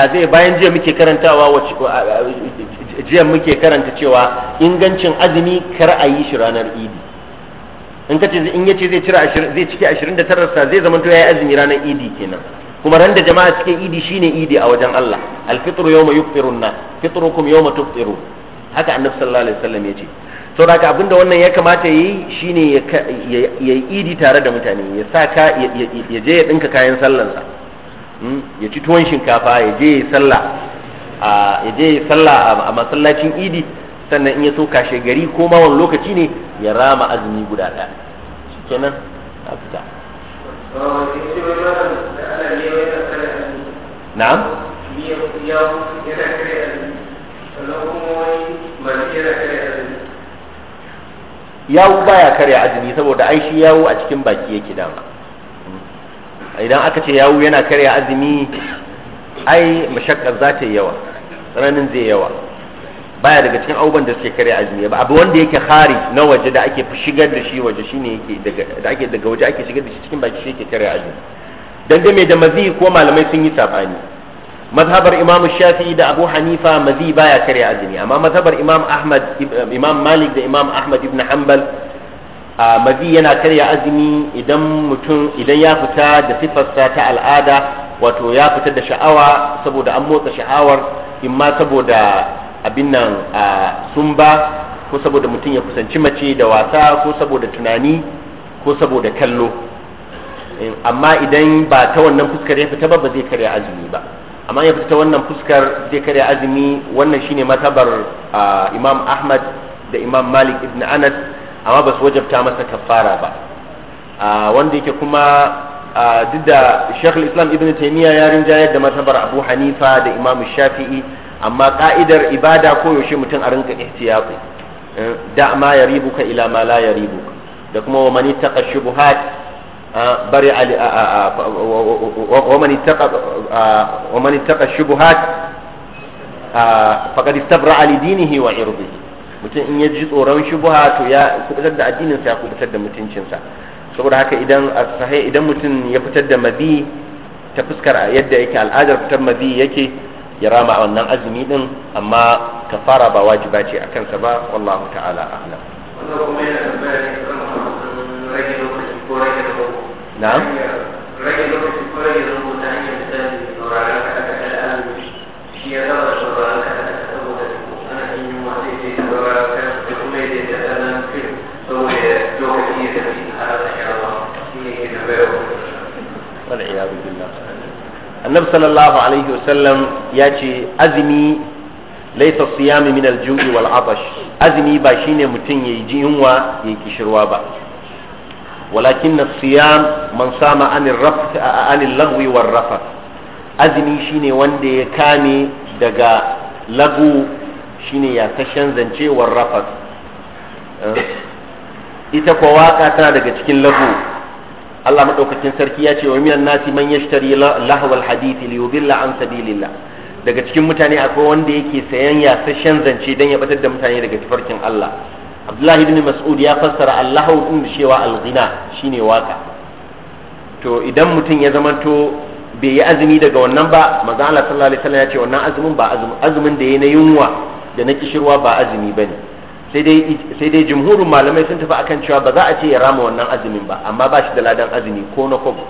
ya zai bayan jiya muke karantawa jiya muke karanta cewa ingancin azumi kar a yi shi ranar idi in ka ce in yace zai cire zai cike 29 rasa zai yayi azumi ranar idi kenan kuma ran da jama'a suke idi shine idi a wajen Allah al-fitru yawma yufiru na fitrukum yawma tufiru haka annabi sallallahu alaihi wasallam yace to da abinda wannan ya kamata yi shine ya yi idi tare da mutane ya saka ya je ya dinka kayan sallansa Hmm? ya ci tuwon shinkafa ya je ya sallah ya je sallah a masallacin idi sannan in ya so kashe gari ko ma wani lokaci ne ya rama azumi guda ɗaya shikenan a fita na'am yawu baya karya azumi saboda ai shi yawu a cikin baki yake dama idan aka ce yawu yana karya azumi ai mashakkar za ta yi yawa tsananin zai yawa baya daga cikin abubuwan da suke karya azumi ba abu wanda yake khari na waje da ake shigar da shi waje shine yake da ake daga waje ake shigar da shi cikin baki shi yake karya azumi dangane da mazi ko malamai sun yi sabani mazhabar imam shafi'i da abu hanifa mazi baya karya azumi amma mazhabar imam ahmad imam malik da imam ahmad ibn hanbal a mazi yana karya azumi idan mutum idan ya fita da sifarsa ta al'ada wato ya fita da sha'awa saboda an motsa sha'awar imma saboda abin nan a sumba ko saboda mutum ya kusanci mace da wasa ko saboda tunani ko saboda kallo eh, amma idan ba ta wannan fuskar ya fita ba ba zai karya azumi ba amma ya fita wannan fuskar zai karya azumi wannan shine matabar imam ahmad da imam malik ibn anas amma ba su wajabta masa kafara ba wanda yake kuma duk da shekul islam ibn taimiyya ya rinjayar da martabar abu hanifa da imam shafi'i amma ka'idar ibada koyaushe mutum a rinka ihtiyatu eh, da ma ya ribuka ila ma la ya ribuka da kuma wa mani taqa shubuhat bari ali wa mani taqa wa mani taqa shubuhat faqad istabra li dinihi wa irdihi mutum in ya ji tsoron shubuha to ya kubutar da addinin sa ya kubutar da mutuncinsa saboda haka idan sahai idan mutum ya fitar da mabi ta fuskar yadda yake al'adar fitar mabi yake ya rama wannan azumi din amma kafara ba wajiba ce a kansa ba wallahu ta'ala a'lam na'am rage lokaci ko rage rubuta hanyar misali sauraron ka aka al'adu shi ya zama annabi sallallahu alaihi wasallam ya ce azumi laisa siyami min aljui wal atash azumi ba shine mutum yayi jinwa yayi kishirwa ba walakin siyam man sama anil rafth anil lagwi war rafath azumi shine wanda ya kame daga lagu shine ya tashan zance war rafath eh, ita kwa waka tana daga cikin lagu Allah madaukakin sarki ya ce wa minan nasi man yashtari lahwal hadith li yudilla an sabilillah daga cikin mutane akwai wanda yake sayan yasashen zance dan ya batar da mutane daga tafarkin Allah Abdullahi ibn Mas'ud ya fassara Allahu din cewa al-ghina shine waka to idan mutum ya zamanto bai yi azumi daga wannan ba manzo Allah sallallahu alaihi wasallam ya ce wannan azumin ba azumin azumin da yayi na yunwa da na kishirwa ba azumi bane sai dai jimhurin malamai sun tafi akan cewa ba za a ce ya rama wannan azumin ba amma ba shi da ladan azumi ko na kwabo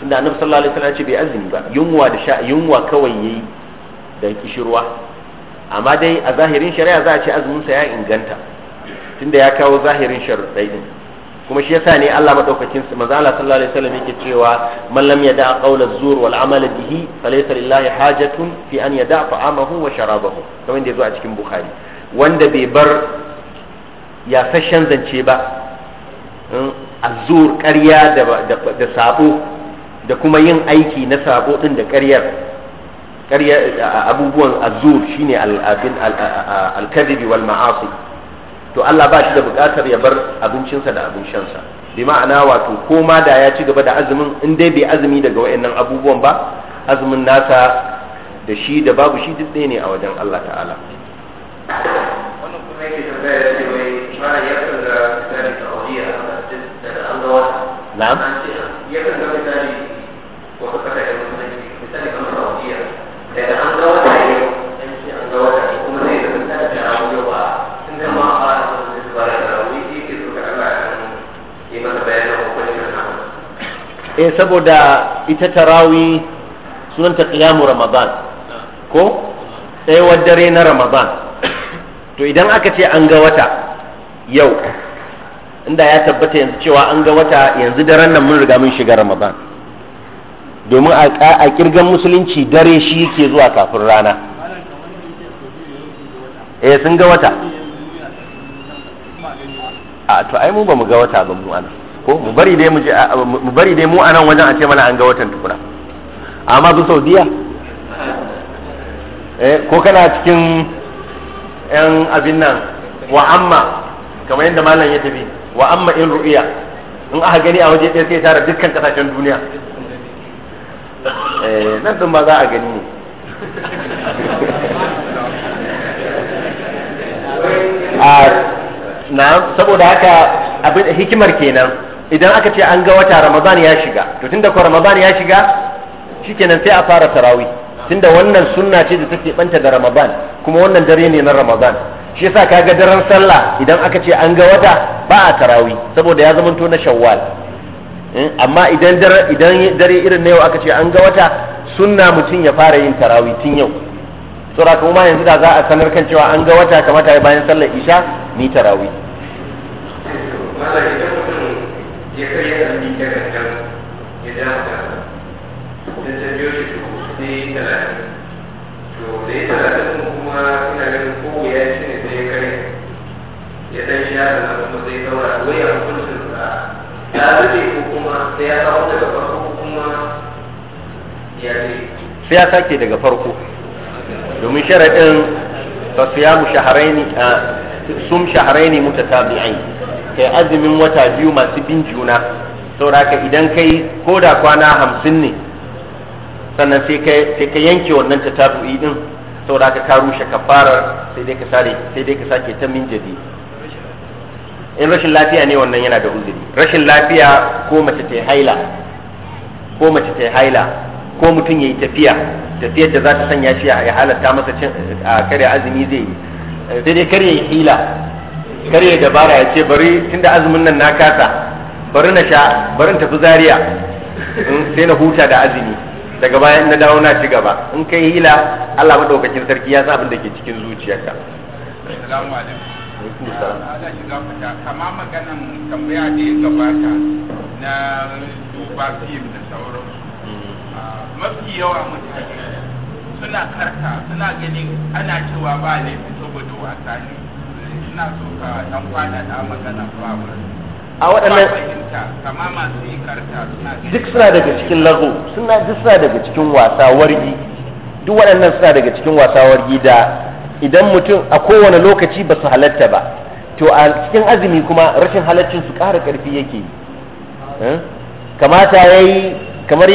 tunda annabi sallallahu alaihi wasallam ce bai azumi ba yunwa da sha yunwa kawai yayi da kishirwa amma dai a zahirin shari'a za a ce azumin sa ya inganta tunda ya kawo zahirin sharuɗai din kuma shi yasa ne Allah madaukakin sa manzo Allah sallallahu alaihi wasallam yake cewa man lam yada qawla zur wal amala bihi falaysa lillahi hajatun fi an yada ta'amahu wa sharabahu kamar da yazo a cikin bukhari wanda bai bar yasashen zance ba azur ƙarya da sabo da kuma yin aiki na sabo ɗin da ƙaryar abubuwan azur shine al-kadibi wal ma'asi to Allah ba shi da buƙatar ya bar abincinsa da abin shansa bi ma'ana wato ko ma da ya ci gaba da azumin in dai bai azumi daga wayannan abubuwan ba azumin nasa da shi da babu shi duk ne a wajen Allah ta'ala E rawi eh saboda ita tarawih sunanta qiyamu ramadan ko sai dare na ramadan to idan aka ce an ga wata yau inda ya tabbata yanzu cewa an ga wata yanzu daren nan mun riga mun shiga ramadan domin a kirgan musulunci dare shi ke zuwa kafin rana eh sun ga wata a to ai mu ba mu ga wata ba mu anan ko mu bari dai mu mu bari dai mu anan wajen a ce mana an ga watan tukuna amma su saudiya eh ko kana cikin yan abin nan wa amma kamar yadda malam ya tafi wa amma in ru'iya in aka gani a waje ɗaya sai tara dukkan kasashen duniya eh, nan din ba za a gani ne ah, na saboda haka abin hikimar kenan idan aka ce an ga wata ramadan ya shiga to tunda ko ramadan ya shiga shikenan sai a fara tarawih tunda wannan sunna ce da take banta da ramadan kuma wannan dare ne na ramadan shi yasa kaga daren sallah idan aka ce an ga wata ba a tarawi saboda ya zamanto na shawwal hmm? amma idan dare idan dare irin na yau aka ce an ga wata sunna mutum ya fara yin tarawi tun yau saboda kuma yanzu da za a sanar kan cewa an ga wata kamata ya bayan sallar isha ni tarawi ya sai ya sake daga farko domin sharaɗin tasiyamu shahararri a sun shahararri mutu tabi'ai kai azumin wata biyu masu bin juna sau da idan kai ko da kwana hamsin ne sannan sai ka yanke wannan ta tabu'i din saboda ka rushe kafarar sai dai ka sare sai dai ka sake ta min jadi in rashin lafiya ne wannan yana da uzuri rashin lafiya ko mace ta haila ko mace ta haila ko mutum yayi tafiya tafiyar da za ta sanya shi ya halatta masa cin kare azumi zai yi sai dai kare yi hila kare dabara ya ce bari tunda azumin nan na kasa bari na sha bari tafi zaria sai na huta da azumi daga bayan na dawo na ci gaba in kai hila Allah madaukakin sarki ya sa abin da ke cikin zuciyarka assalamu alaikum ah, Allah shi gafata kama maganan tambaya da ya gabata na duba fim da sauransu mm. ah, mafi yawa mutane suna karta suna ganin ana cewa ba laifin saboda wasa ne suna so ka dan kwana da magana ba a waɗannan duk suna daga cikin lagu suna duk suna daga cikin wasa wargi duk waɗannan suna daga cikin wasa wargi da idan mutum a kowane lokaci ba su halatta ba to a cikin azumi kuma rashin halaccin su ƙara ƙarfi yake eh? kamata ya yi kamar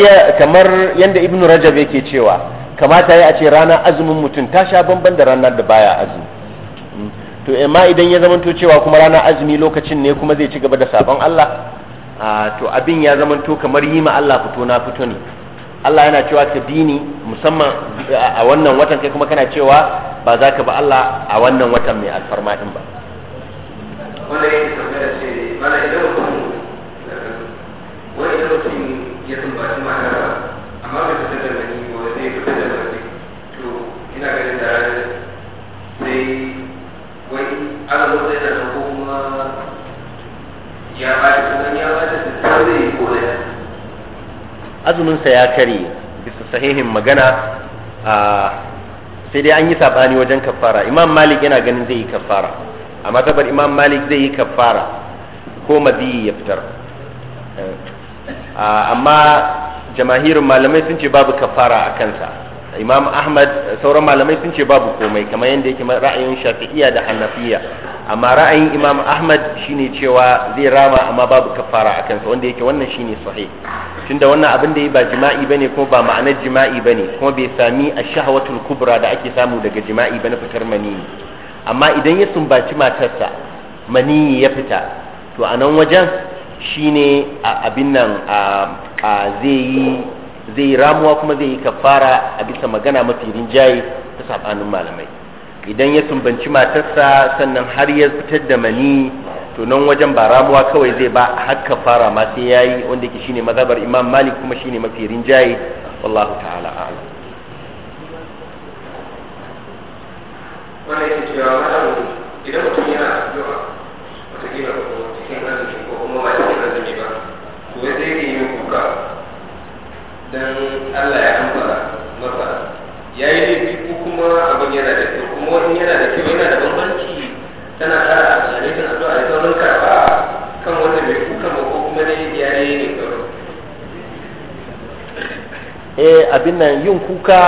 yadda ibnu ibn rajab yake cewa kamata ya a ce ranar azumin mutum ta sha bamban da ranar da baya azumi to amma idan ya zamanto cewa kuma ranar azumi lokacin ne kuma zai ci gaba da sabon Allah to abin ya zamanto kamar yi ma Allah fito na fito ne Allah yana cewa ka bini musamman a wannan watan kai kuma kana cewa ba za ka ba Allah a wannan watan mai alfarma din ba wanda yake tambaya ce mana idan mutum wani mutum ya tumbaci mata amma bai fita da mani ko zai fita da mani to ina ganin da sai wai aka da kuma ya bada kuma ya bada da ko da azumin sa ya kare bisa sahihin magana a sai dai an yi sabani wajen kafara imam malik yana ganin zai yi kafara amma tabbar imam malik zai yi kafara ko madiyi ya fitar amma jamahirin malamai sun ce babu kafara a kansa imam ahmad sauran malamai sun ce babu komai kamar yadda yake ra'ayin shafi'iyya da hanafiya amma ra'ayin imam ahmad shine cewa zai rama amma babu kafara a kansa wanda yake wannan shine sahih tunda wannan abin da yi ba jima'i bane kuma ba ma'anar jima'i bane kuma bai sami ash-shahawatul kubra da ake samu daga jima'i ba na fitar maniyi amma idan ya sumbaci matarsa maniyi ya fita to a nan wajen shine abin nan zai yi zai yi ramuwa kuma zai yi kafara a bisa magana mafi rinjaye ta sabanin malamai idan ya sumbanci matarsa sannan har ya fitar da mani to nan wajen ba ramuwa kawai zai ba har kafara ma sai yayi wanda ke shine mazhabar Imam Malik kuma shine mafi rinjaye wallahu ta'ala a'lam wannan yake cewa malamu idan mutum yana addu'a wata kila ko cikin azumi ko kuma ba cikin azumi ba to zai yi kuka dan Allah ya amfara masa ya yi laifi ko kuma abin yana da kyau kuma wani yana da kyau yana da bambanci tana kara a tsare kan zuwa da sauran karfa kan wanda bai kuka ba ko kuma dai ya yi ne eh abin nan yin kuka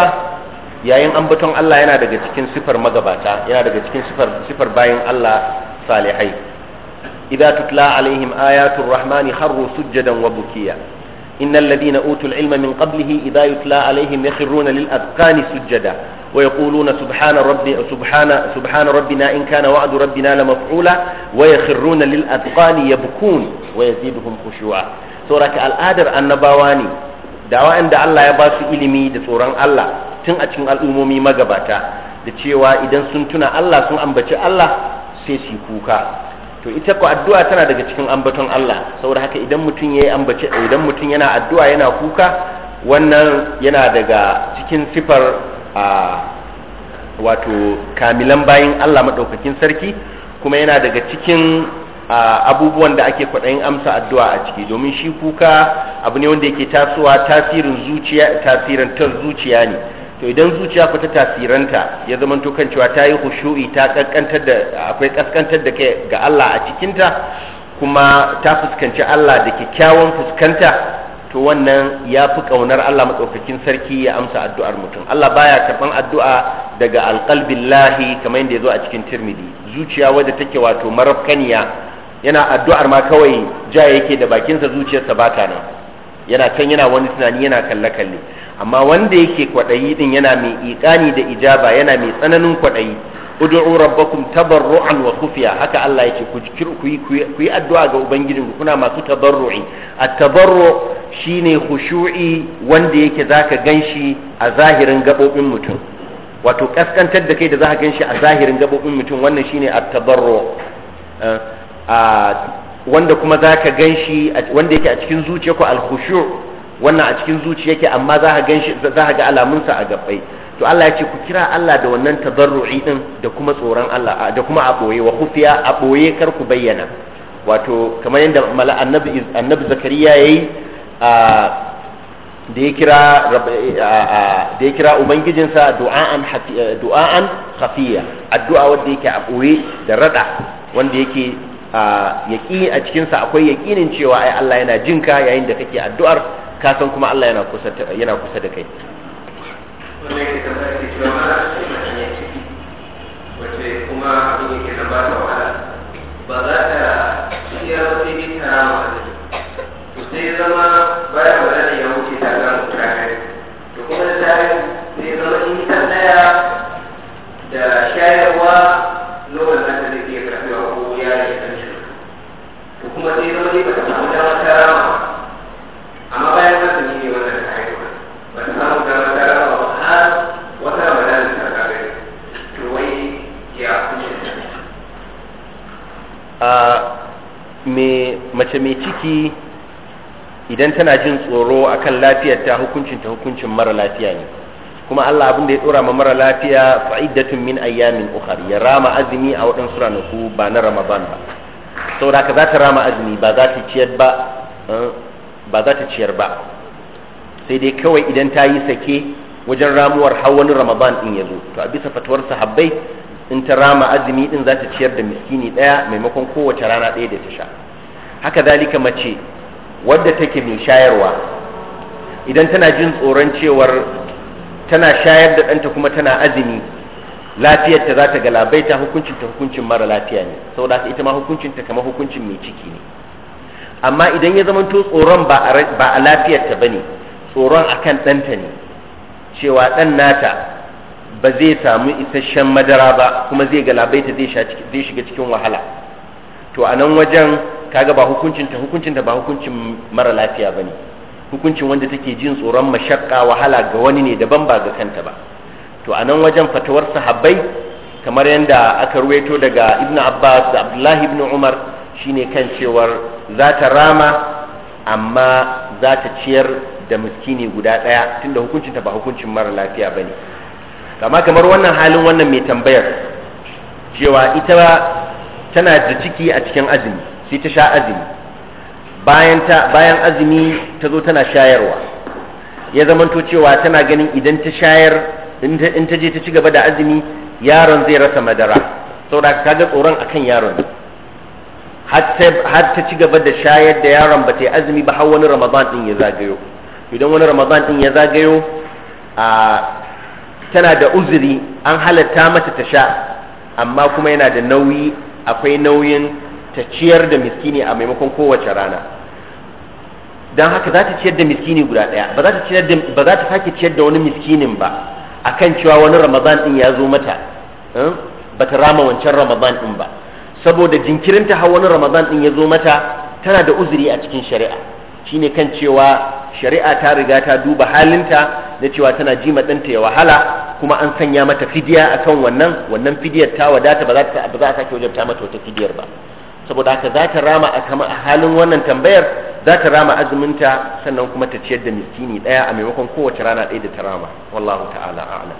yayin ambaton Allah yana daga cikin sifar magabata yana daga cikin sifar sifar bayin Allah salihai idza tutla alaihim ayatul rahmani kharru sujjadan wa bukiya إن الذين أوتوا العلم من قبله إذا يتلى عليهم يخرون للأذقان سجدا ويقولون سبحان ربي سبحان سبحان ربنا إن كان وعد ربنا لمفعولا ويخرون للأذقان يبكون ويزيدهم خشوعا سورة الآدر النبواني دعوة أن الله يباس إلمي دسوران الله تنأتين الأمومي مغباتا da cewa idan sun tuna Allah sun ambaci Allah sai su kuka to ita ko addu'a tana daga cikin ambaton Allah saboda haka idan mutum yayi ambace idan mutum yana addu'a yana kuka wannan yana daga cikin sifar a wato kamilan bayin Allah madaukakin sarki kuma yana daga cikin abubuwan da ake kwaɗayin amsa addu'a a ciki domin shi kuka abu ne wanda yake tasowa tasirin zuciya tasirin tar zuciya ne to idan zuciya ku ta tasiranta ya zamanto kan cewa ta yi hushu'i ta kaskantar da akwai kaskantar da kai ga Allah a cikinta kuma ta fuskanci Allah da kyakkyawan fuskanta to wannan ya fi ƙaunar Allah maɗaukakin sarki ya amsa addu'ar mutum Allah baya karɓan addu'a daga alƙalbin lahi kamar yadda ya zo a cikin tirmidhi zuciya wadda take wato marafkaniya yana addu'ar ma kawai ja yake da bakinsa zuciyarsa ba ta nan yana can yana wani tunani yana kalle-kalle amma wanda yake kwaɗayi din yana mai iƙani da ijaba yana mai tsananin kwaɗayi ud'u rabbakum tabarru'an wa khufiya haka Allah yake ku ku yi addu'a ga ku kuna masu tabarru'i at-tabarru shine khushu'i wanda yake zaka ganshi a zahirin gabobin mutum wato kaskantar da kai da zaka ganshi a zahirin gabobin mutum wannan shine at-tabarru eh, wanda kuma zaka ganshi wanda yake a cikin ku al-khushu' wannan a cikin zuci yake amma za ka ganshi za ka ga alamunsa a gabbai to Allah ya ce ku kira Allah da wannan tabarru'i din da kuma tsoron Allah da kuma a boye wa khufiya a boye kar ku bayyana wato kamar yadda annabi annabi zakariya yayi a da ya kira da ya kira ubangijinsa du'a'an du'a'an khafiya addu'a wanda yake a boye da rada wanda yake yaqini a cikin sa akwai yaqinin cewa ai Allah yana jinka yayin da kake addu'ar ka san kuma Allah yana kusa yana kusa da kai ba za ta iya rufe sai zama ya wuce ta zama kuma sai zama ta tsaya da shayarwa ta ko kuma zama ne ba ta samu dama ta amma bayan azumi ne wannan ta haihuwa ba ta samu dama ta raba ba har wata ramadan ta kare to wai ya kuce a me mace mai ciki idan tana jin tsoro akan lafiyarta hukuncin ta hukuncin mara lafiya ne kuma Allah abin da ya tsora ma mara lafiya fa'iddatun min ayyamin ukhar ya rama azumi a waɗansu ranaku ba na Ramadan ba saboda ka za ta rama azumi ba za ta ciyar ba eh, ba za ta ciyar ba sai dai kawai idan ta yi sake wajen ramuwar har wani ramadan din ya zo to a bisa fatuwar sahabbai in ta rama azumi din za ta ciyar da miskini ɗaya maimakon kowace rana ɗaya da ta sha haka zalika mace wadda take mai shayarwa idan tana jin tsoron cewar tana shayar da ɗanta kuma tana azumi lafiyarta za ta galabaita hukuncinta hukuncin mara lafiya ne saboda ita ma hukuncinta kamar hukuncin mai ciki ne amma idan ya zamanto tsoron ba a lafiyarta ba ne tsoron a kan ɗanta ne cewa ɗan nata ba zai samu isasshen madara ba kuma zai galabaita zai shiga cikin wahala to a nan wajen kaga ba hukuncinta hukuncinta ba hukuncin mara lafiya ba ne hukuncin wanda take jin tsoron mashakka wahala ga wani ne daban ba ga kanta ba to a nan wajen fatawar sahabbai kamar yadda aka ruwaito daga ibnu abbas da abdullahi ibnu umar shine kan cewar za ta rama amma za ta ciyar da miskini guda ɗaya tunda hukuncinta ba hukuncin mara lafiya ba ne amma kamar wannan halin wannan mai tambayar cewa ita tana da ciki a cikin azumi sai ta sha azumi bayan azumi ta zo tana shayarwa ya zamanto cewa tana ganin idan ta shayar in ta je ta ci gaba da azumi yaron zai rasa madara saboda kaga tsoron akan yaron har ta ci gaba da shayar da yaron ba ta yi azumi ba har wani ramadan din ya zagayo idan wani ramadan din ya zagayo a tana da uzuri an halatta mata ta sha amma kuma yana da nauyi akwai nauyin ta ciyar da miskini a maimakon kowace rana don haka za ta ciyar da miskini guda ɗaya ba za ta sake ciyar da wani miskinin ba akan cewa wani ramadan din ya zo mata eh? ba ta rama wancan ramadan din ba saboda jinkirinta har wani ramadan din ya zo mata tana da uzuri a cikin shari'a shine kan cewa shari'a ta riga ta duba halinta na cewa tana ji ɗanta ya wahala kuma an sanya mata fidiya akan wannan wannan fidiyar ta wadata ba za ta ba za ta sake ta mata wata fidiyar ba saboda haka za ta rama a kama a halin wannan tambayar za ta rama azuminta sannan kuma ta ciyar da miskini ɗaya a maimakon kowace rana ɗaya da ta rama wallahu ta'ala a'lam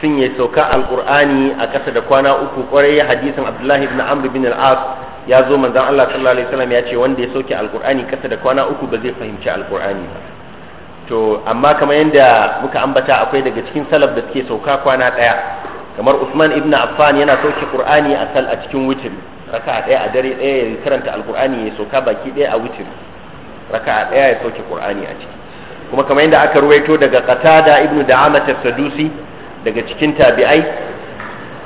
mutum ya sauka alkur'ani a kasa da kwana uku kwarai hadisin abdullahi ibn amr bin al-as ya zo manzon Allah sallallahu alaihi wasallam ya ce wanda ya sauke alkur'ani kasa da kwana uku ba zai fahimci alkur'ani ba to amma kamar yadda muka ambata akwai daga cikin salaf da suke sauka kwana daya kamar Usman ibn Affan yana sauke Qur'ani a sal a cikin witr raka'a daya a dare daya ya karanta alkur'ani ya sauka baki daya a witr raka'a daya ya sauke Qur'ani a ciki kuma kamar yadda aka ruwaito daga Qatada ibn Da'amah as-Sadusi daga cikin tabi'ai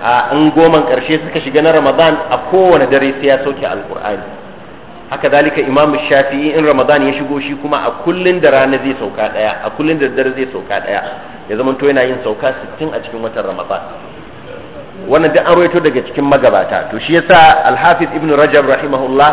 a in goman karshe suka shiga na ramadan a kowane dare sai ya sauke alkur'ani haka zalika imam shafi'i in ramadan ya shigo shi kuma a kullun da rana zai sauka daya a kullun da dare zai sauka daya ya zama to yana yin sauka 60 a cikin watan ramadan wannan duk an rawaito daga cikin magabata to shi yasa al-hafiz ibn rajab rahimahullah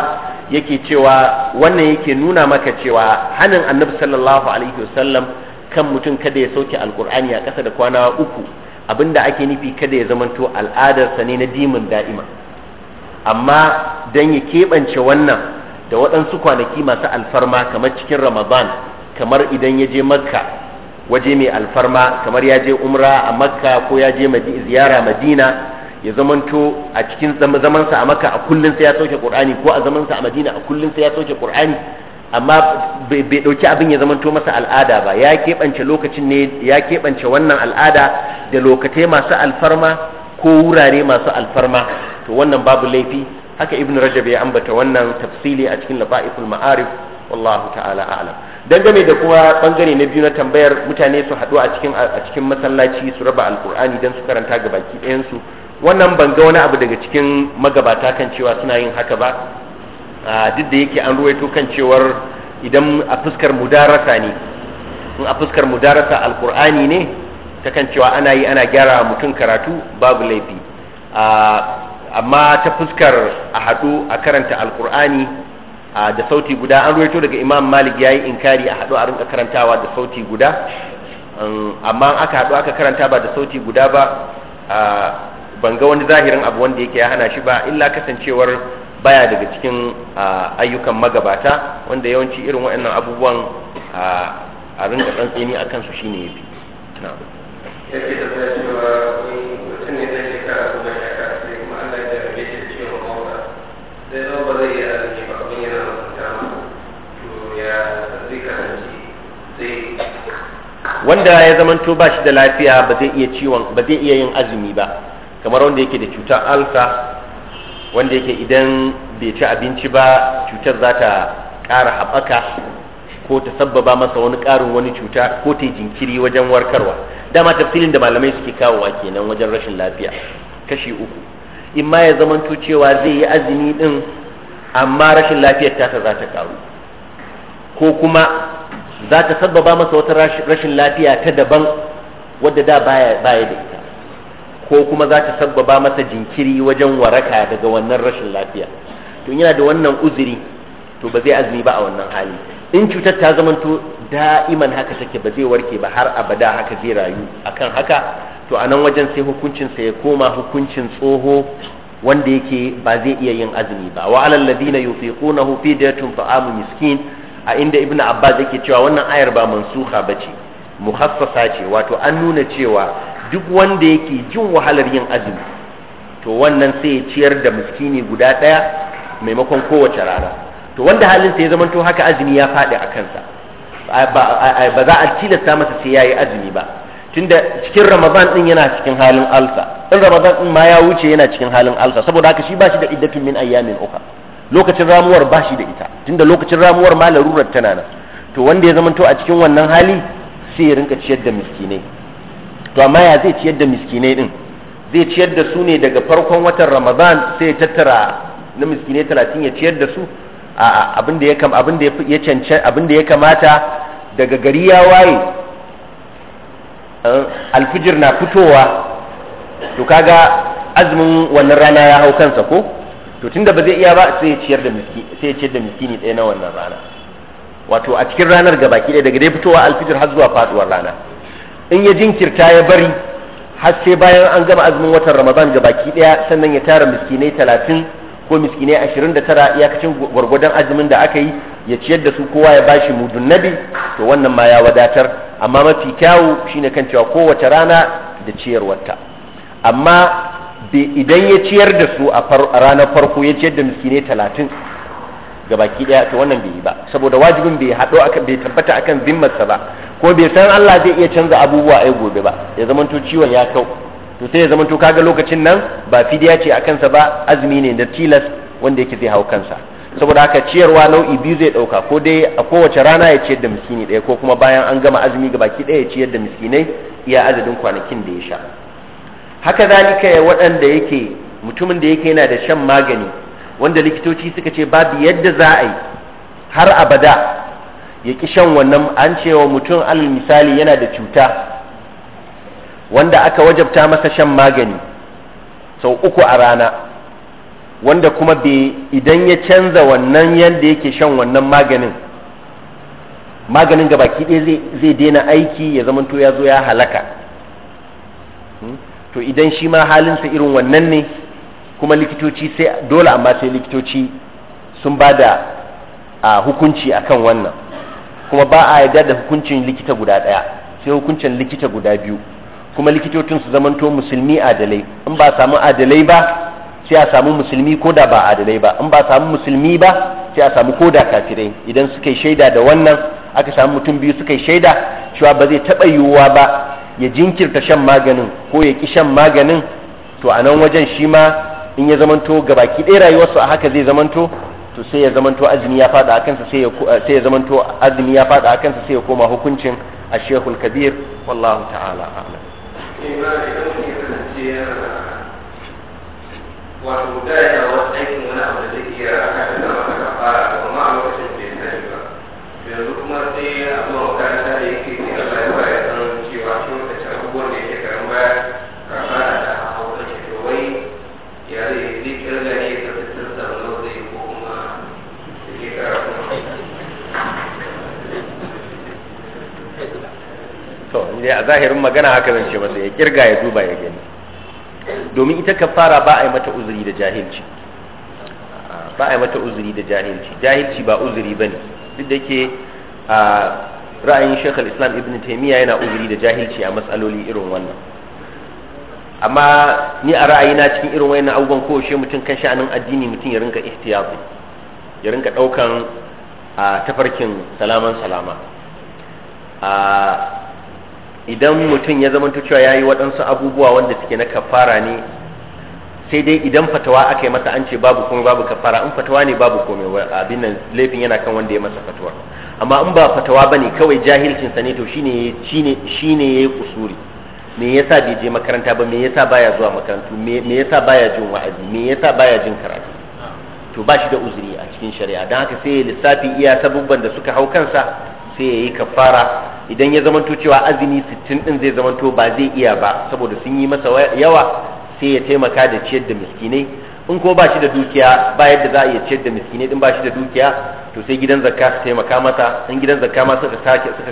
yake cewa wannan yake nuna maka cewa hanin annabi sallallahu alaihi wasallam kan mutum kada ya sauke alkur'ani a ƙasa da kwana uku abinda ake nufi kada ya zamanto al'adarsa ne na dimin da'ima amma don ya keɓance wannan da waɗansu kwanaki masu alfarma kamar cikin ramadan kamar idan ya je makka waje mai alfarma kamar ya je umra a makka ko ya je ziyara madina ya zamanto a cikin zamansa a makka a kullum sai ya sauke qur'ani ko a zamansa a madina a kullum sai ya sauke qur'ani amma bai ɗauki abin ya zamanto masa al'ada ba ya keɓance lokacin ne ya keɓance wannan al'ada da lokatai masu alfarma ko wurare masu alfarma to wannan babu laifi haka ibn rajab ya ambata wannan tafsili a cikin lafa'iful ma'arif wallahu ta'ala a'lam dangane da kuma bangare na biyu na tambayar mutane su haɗu a cikin a cikin masallaci su raba alkur'ani dan su karanta ga baki ɗayan su wannan ban ga wani abu daga cikin magabata kan cewa suna yin haka ba Ah, duk da yake an ruwaito kan cewar idan a fuskar mudarasa ne in a fuskar mudarasa alkur'ani ne ta kan cewa ana yi ana gyara mutum karatu babu laifi ah, amma ta fuskar a haɗu a karanta alkur'ani ah, da sauti guda an ruwaito daga imam malik ya yi inkari a haɗu a rinka karantawa da sauti guda amma aka haɗu aka karanta ba da sauti guda ba ban ga wani zahirin abu wanda yake ya hana shi ba illa kasancewar baya daga cikin ayyukan magabata wanda yawanci irin waɗannan abubuwan a rinka tsantseni a kansu shine ya fi wanda ya zamanto ba shi da lafiya ba zai iya ba zai iya yin azumi ba kamar wanda yake da cutar alsa wanda yake idan bai ci abinci ba cutar za ta ƙara haɓaka ko ta sabbaba masa wani ƙarin wani cuta ko ta yi jinkiri wajen warkarwa dama tafsilin da malamai suke kawowa kenan wajen rashin lafiya kashi uku in ma ya zamanto cewa zai yi azumi din amma rashin lafiyar tasa za ta ƙaru ko kuma za ta sabbaba masa wata rashin lafiya ta daban wadda da baya da ita ko kuma za ta sabbaba masa jinkiri wajen waraka daga wannan rashin lafiya to yana da wannan uzuri to ba zai azumi ba a wannan hali in cutar ta zamanto da'iman haka take ba zai warke ba har abada haka zai rayu akan haka to a nan wajen sai hukuncin sa ya koma hukuncin tsoho wanda yake ba zai iya yin azumi ba wa alal ladina yufiqunahu fidyatun ta'amu miskin a inda ibn abbas yake cewa wannan ayar ba mansuha bace muhassasa ce wato an nuna cewa duk wanda yake jin wahalar yin azumi to wannan sai ya ciyar da miskini guda ɗaya maimakon kowace rana to wanda halin sai ya zamanto haka azumi ya faɗi a kansa ba za a tilasta masa sai ya yi azumi ba tunda cikin ramadan din yana cikin halin alsa in ramadan din ma ya wuce yana cikin halin alsa saboda haka shi ba shi da iddatun min ayyamin ukha lokacin ramuwar ba da ita tunda lokacin ramuwar ma larurar tana nan to wanda ya zamanto a cikin wannan hali sai ya rinka ciyar da miskinai to amma ya zai ciyar da miskinai din zai ciyar da su ne daga farkon watan ramadan sai ya tattara na miskinai talatin ya ciyar da su a abin da ya kam abin da ya cancan abin da ya kamata daga gari ya waye eh, alfijir na fitowa to kaga azumin wannan rana ya hau kansa ko to tunda ba zai iya ba sai ya ciyar da miski sai ya ciyar da miskini ɗaya na wannan rana wato a cikin ranar gabaki ɗaya daga dai fitowa alfijir har zuwa faduwar rana in ya jinkirta ya bari har sai bayan an gama azumin watan ramadan ga baki daya sannan ya tara miskinai talatin ko miskinai ashirin da tara iyakacin gwargwadon azumin da aka yi ya ciyar da su kowa ya bashi mudun nabi to wannan ma ya wadatar amma mafi kyawu shine kan cewa kowace rana da ciyarwarta amma idan ya ciyar da su a ranar farko ya ciyar da miskinai talatin gabaki daya to wannan bai yi ba saboda wajibin bai haɗo akan bai tabbata akan zimmarsa ba ko bai san Allah zai iya canza abubuwa ai gobe ba ya to ciwon ya kau to sai ya zamanto kaga lokacin nan ba fi fidiya ce akan sa ba azumi ne da tilas wanda yake zai hau kansa saboda haka ciyarwa nau'i biyu zai dauka ko dai a kowace rana ya ciyar da miskini ɗaya ko kuma bayan an gama azumi baki daya ya ciyar da miskinai iya adadin kwanakin da ya sha haka zalika waɗanda yake mutumin da yake yana da shan magani wanda likitoci suka ce babu yadda za a yi har abada ya ki shan wannan an cewa mutum alal misali yana da cuta wanda aka wajabta masa shan magani sau uku a rana wanda kuma bai idan ya canza wannan yadda yake shan wannan maganin maganin ga baki ɗaya zai daina aiki ya zama to ya zo ya halaka hmm? to idan shi ma halinsa irin wannan ne kuma likitoci sai dole amma sai likitoci sun ba da hukunci akan wannan kuma ba a yarda da hukuncin likita guda ɗaya sai hukuncin likita guda biyu kuma likitocin su zamanto musulmi adalai in ba samu adalai ba sai a samu musulmi ko da ba adalai ba in ba samu musulmi ba sai a samu ko da kafirai idan suka yi shaida da wannan aka samu mutum biyu suka yi shaida cewa ba zai taɓa yiwuwa ba ya jinkirta shan maganin ko ya ƙi shan maganin to a nan wajen shi ma in ya zamanto gabaki ɗaya rayuwarsa a haka zai zamanto to sai ya zamanto azumi ya fada akansa sai ya eh, sai ya zamanto azumi ya fada akansa sai ya koma hukuncin a shaykh al-kabir wallahu ta'ala a'lam eh, wato da ya wasu aikin wani abu da zai iya a da zama ka fara kuma a lokacin ya sani ba yanzu kuma sai a zuwa makaranta da yake ke to inda a zahirin magana haka zan ce masa ya kirga ya duba ya gani domin ita kafara ba a yi mata uzuri da jahilci ba a yi mata uzuri da jahilci jahilci ba uzuri bane duk da ke a ra'ayin Sheikh islam Ibn ta'imiyya yana uzuri da jahilci a matsaloli irin wannan amma ni a ra'ayina cikin irin wayannan abubuwan kowace mutum kan sha'anin addini mutum ya rinka ihtiyatu ya rinka daukan a tafarkin salaman salama a idan mutum ya zama cewa ya yi waɗansu abubuwa wanda suke na kafara ne sai dai idan fatawa aka yi masa an ce babu komai babu kafara in fatawa ne babu komai abin nan laifin yana kan wanda ya masa fatawa amma in ba fatawa bane kawai jahilcin sa ne to shine shine shine yayi kusuri me yasa bai je makaranta ba me yasa baya zuwa makarantu me yasa baya jin wa'azi me yasa baya jin karatu to ba shi da uzuri a cikin shari'a don haka sai lissafi iya sabubban da suka hau kansa sai ya yi kafara idan ya zamanto cewa azumi sittin din zai zamanto ba zai iya ba saboda sun yi masa yawa sai ya taimaka da ciyar da miskinai in ko ba shi da dukiya ba yadda za a iya ciyar da miskinai din ba shi da dukiya to sai gidan zakka su taimaka masa in gidan zakka ma suka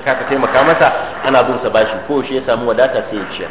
kaka taimaka masa ana bin sa bashi ko shi ya samu wadata sai ya ciyar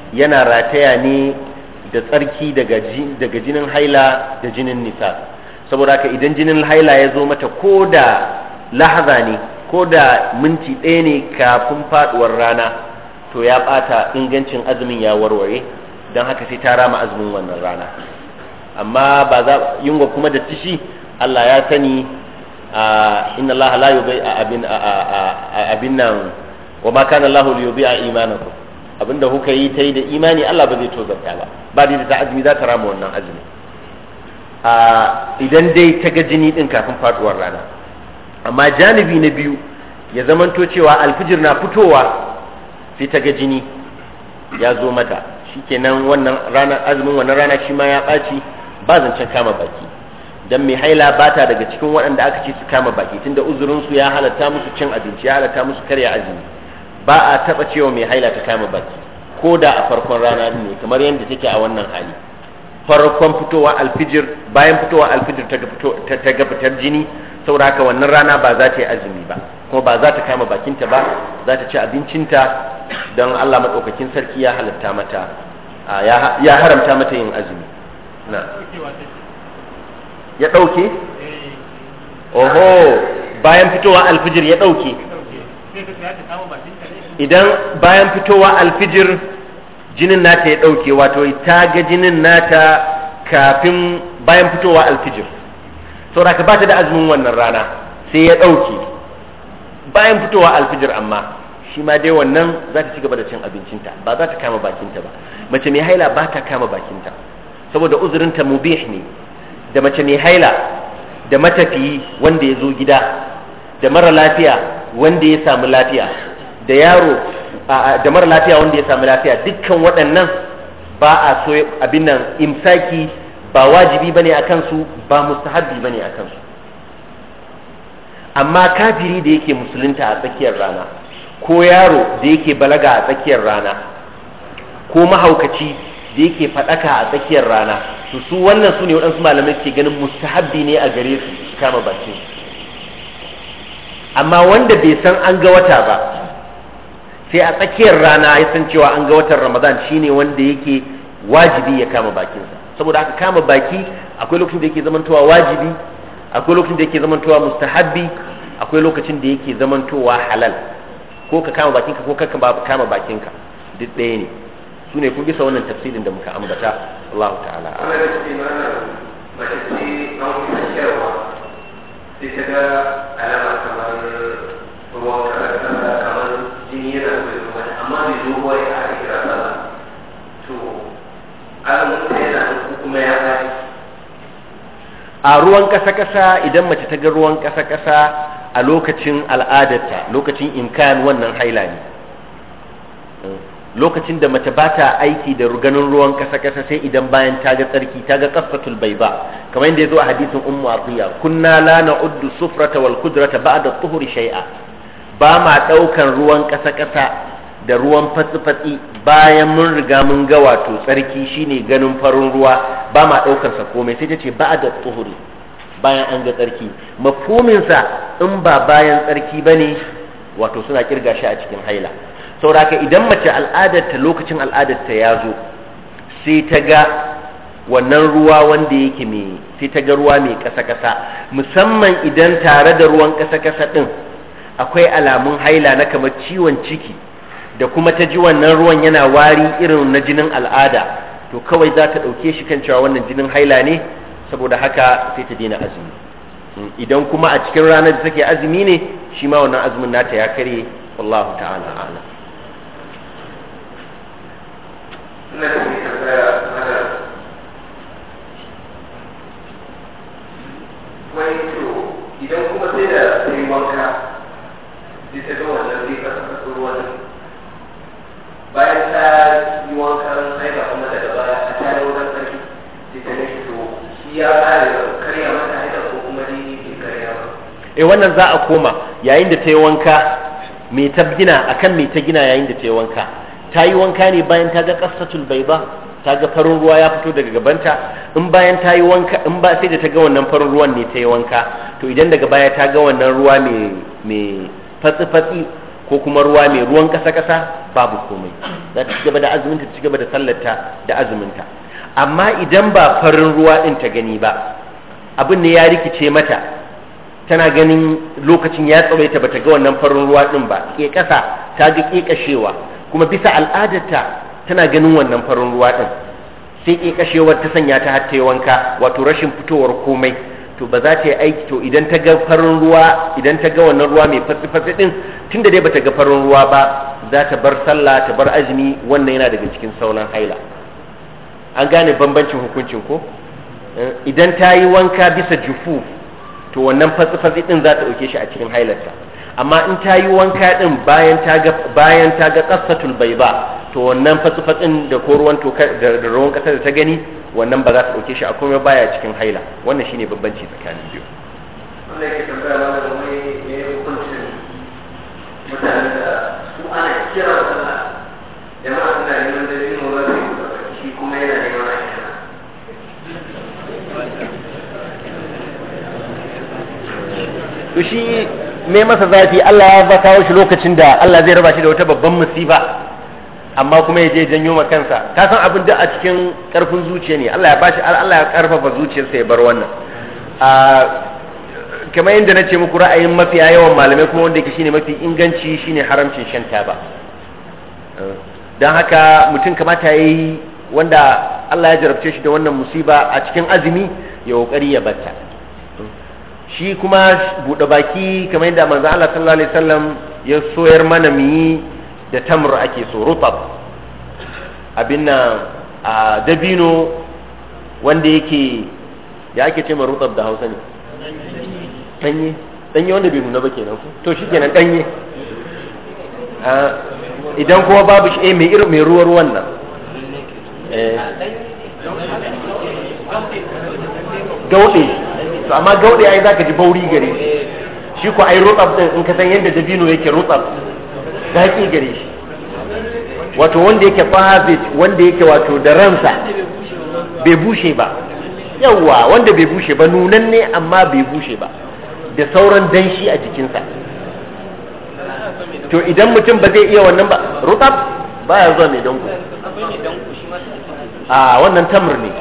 yana rataya ne da tsarki daga jinin haila da jinin nisa saboda haka idan jinin haila ya zo mata ko da lahaza ne ko da minti ɗaya ne kafin faɗuwar rana to ya ɓata ingancin azumin ya warware don haka sai ta rama azumin wannan rana amma ba za yunwa kuma da tishi Allah ya sani inna Allah la a abin nan wa ma kana Allah a imanakum abinda kuka yi ta yi da imani Allah ba zai zarta ba ba dai ta azumi za ta rama wannan azumi a idan dai ta ga jini din kafin faduwar rana amma janibi na biyu ya zamanto cewa alfijir na fitowa sai ta ga jini ya zo mata shikenan wannan rana azumin wannan rana shi ma ya baci ba zancen kama baki dan mai haila bata daga cikin waɗanda aka ce su kama baki tunda uzurinsu ya halatta musu cin abinci ya halatta musu karya azumi ba a taba cewa mai haila ta kama baki ko da a farkon rana ne kamar yadda take a wannan hali farkon fitowa alfijir bayan fitowa alfijir ta ga fitar jini saboda haka wannan rana ba za ta yi azumi ba kuma ba za ta kama bakinta ba za ta ci abincinta don Allah maɗaukakin sarki ya halatta mata ya haramta mata yin azumi na ya ɗauke? oho bayan fitowa alfijir ya ɗauke idan bayan fitowa alfijir jinin nata ya ɗauke wato ta ga jinin nata kafin bayan fitowa alfijir saboda ka bata da azumin wannan rana sai ya ɗauke bayan fitowa alfijir amma shi ma dai wannan za ta ci gaba da cin abincinta ba za ta kama bakinta ba mace mai haila ba ta kama bakinta saboda uzurinta mubih ne da mace mai haila da matafiyi wanda ya zo gida da mara lafiya wanda ya samu lafiya da yaro da mara lafiya wanda ya sami lafiya dukkan waɗannan ba a so abin nan imsaki ba wajibi bane a kansu ba mustahabbi bane a kansu amma kafiri da yake musulunta a tsakiyar rana ko yaro da yake balaga a tsakiyar rana ko mahaukaci da yake faɗaka a tsakiyar rana su su wannan su ne waɗansu malamai ke ganin mustahabbi ne a gare su kama bakin amma wanda bai san an ga wata ba sai a tsakiyar rana ya san cewa an ga watan ramadan shine wanda yake wajibi ya kama bakinsa saboda aka kama baki akwai lokacin da yake zamantowa wajibi akwai lokacin da yake zamantowa mustahabbi akwai lokacin da yake zamantowa halal ko ka kama bakinka ko ka kama bakinka duk ɗaya ne su ne kun bisa wannan tafsirin da muka ambata Allah ta'ala mace a ruwan kasa-kasa idan mace ta ga ruwan kasa-kasa a lokacin al'adarta lokacin imkan wannan haila ne lokacin da mace ba ta aiki da ganin ruwan kasa-kasa sai idan bayan ta ga tsarki ta ga kafatul bai ba kamar yadda ya zo a hadisin ummu kunya, kunna la uddu sufrata wal ba da tuhuri shai'a, ba ma daukan ruwan kasa-kasa da ruwan fatsi bayan mun riga mun ga wato tsarki shine ganin farin ruwa ba ma daukar sa komai sai ta ce ba da tsuhuri bayan an ga tsarki sa in ba bayan tsarki bane ne wato suna kirga shi a cikin haila sauraka idan mace al'adarta lokacin al'adarta ya zo sai ta ga wannan ruwa wanda yake mai sai ta ga ruwa mai kasa-kasa musamman idan tare da ruwan kasa-kasa ɗin akwai alamun haila na kamar ciwon ciki da kuma ta ji wannan ruwan yana wari irin na jinin al'ada to kawai za ta ɗauke shi kan cewa wannan jinin haila ne saboda haka sai ta daina azumi mm, idan kuma a cikin ranar da take azumi ne shi ma wannan azumin nata ya karye wallahu ta'ala a'lam wani you. bayan ta yi wankan haila kuma daga baya a ta wurin sarki sai ta nashi to shi ya kare karya mata haila ko kuma dai ke karya ba eh wannan za a koma yayin da ta yi wanka me ta gina akan me ta gina yayin da ta yi wanka ta yi wanka ne bayan ta ga tulbai ba ta ga farin ruwa ya fito daga gabanta in bayan ta yi wanka in ba sai da ta ga wannan farin ruwan ne ta yi wanka to idan daga baya ta ga wannan ruwa mai fatsi-fatsi ko kuma ruwa mai ruwan kasa-kasa babu komai za ta cigaba da azuminta ta cigaba da sallarta da azuminta amma idan ba farin ruwa din ta gani ba abin ne ya rikice mata tana ganin lokacin ya ta bata ga wannan farin ruwa ɗin ba ke ƙasa ta ga kekashewa kuma bisa al'adarta tana ganin wannan farin ruwa ɗin sai ƙeƙashewar ta sanya ta hatta wanka wato rashin fitowar komai to ba za ta yi aiki to idan ta ga farin ruwa idan ta ga wannan ruwa mai fatsi-fatsi din tunda dai bata ga farin ruwa ba za ta bar sallah ta bar azumi wannan yana daga cikin saunan haila an gane bambancin hukuncin ko eh, idan ta yi wanka bisa jufu to wannan fatsi-fatsi din za ta dauke shi a cikin hailarta amma in ta yi wanka din bayan ta ga bayan ta ga qassatul bayba to wannan fatsi-fatsin da ko ruwan toka da ruwan kasa da ta gani wannan ba za ta dauke shi a komai baya cikin haila wannan shine bambanci tsakanin biyu ne shi to shi masa zafi Allah ya ba kawo shi lokacin da Allah zai raba shi da wata babban musiba amma kuma ya je janyo ma kansa ka san abin da a cikin karfin zuciya ne Allah ya bashi Allah ya karfafa zuciyarsa ya bar wannan a kamar yadda na ce muku ra'ayin mafiya yawan malamai kuma wanda yake shine mafi inganci shine haramcin shan taba don haka mutum kamata ya yi wanda Allah ya jarabce shi da wannan musiba a cikin azumi ya kokari ya batta shi kuma buɗe baki kamar yadda manzo Allah sallallahu alaihi wasallam ya soyar mana mu da tamr ake so rutab abin nan a dabino wanda yake ya ake ce rutab da hausa ne danye danye wanda bai nuna ba kenan ku to shi kenan danye idan kuma babu shi eh mai irin mai ruwa ruwan nan eh. gauɗe to amma gauɗe ai zaka ji bauri gare shi ko ai rutab din in ka san yadda dabino yake rutsaf zaki gare shi wato wanda yake fazit wanda yake wato da ransa bai bushe ba yawwa wanda bai bushe ba nunan ne amma bai bushe ba da sauran danshi a jikinsa to idan mutum ba zai iya wannan ba rutab baya zuwa mai dango a wannan tamar ne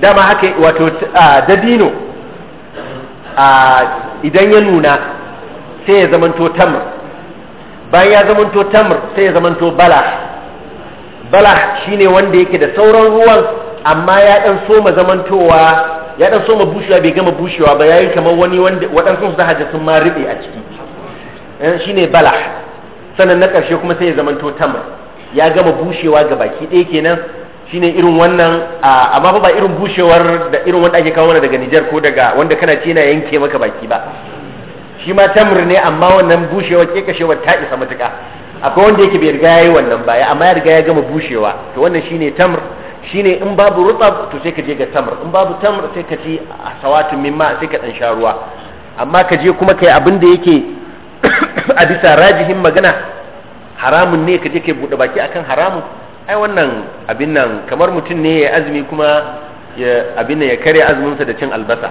dama haka wato dabino idan ya nuna sai ya zamanto tamar. bayan ya zamanto tamr sai ya zamanto balah balah shine wanda yake da sauran ruwan amma ya dan soma zamantowa ya dan soma bushewa bai gama bushewa ba yayi kamar wani wanda waɗansu su zahaja sun ma riɓe a ciki eh, shine balah sannan na ƙarshe kuma sai ya zamanto tamr ya gama bushewa ga baki ɗaya kenan shine irin wannan amma ba irin bushewar da irin wanda ake kawo daga Nijar ko daga wanda kana ce yana yanke maka baki ba shi ma tamr ne amma wannan bushewar kekashewar ta isa matuka akwai wanda yake bai riga yayi wannan baya amma ya riga ya gama bushewa to wannan shine tamr shine in babu rutab to sai ka je ga tamr in babu tamr sai ka ci sawatun mimma sai ka dan sha ruwa amma ka je kuma kai abin da yake a bisa rajihin magana haramun ne ka je kai bude baki akan haramun ai wannan abin nan kamar mutum ne ya azumi kuma ya abin nan ya karya azuminsa da cin albasa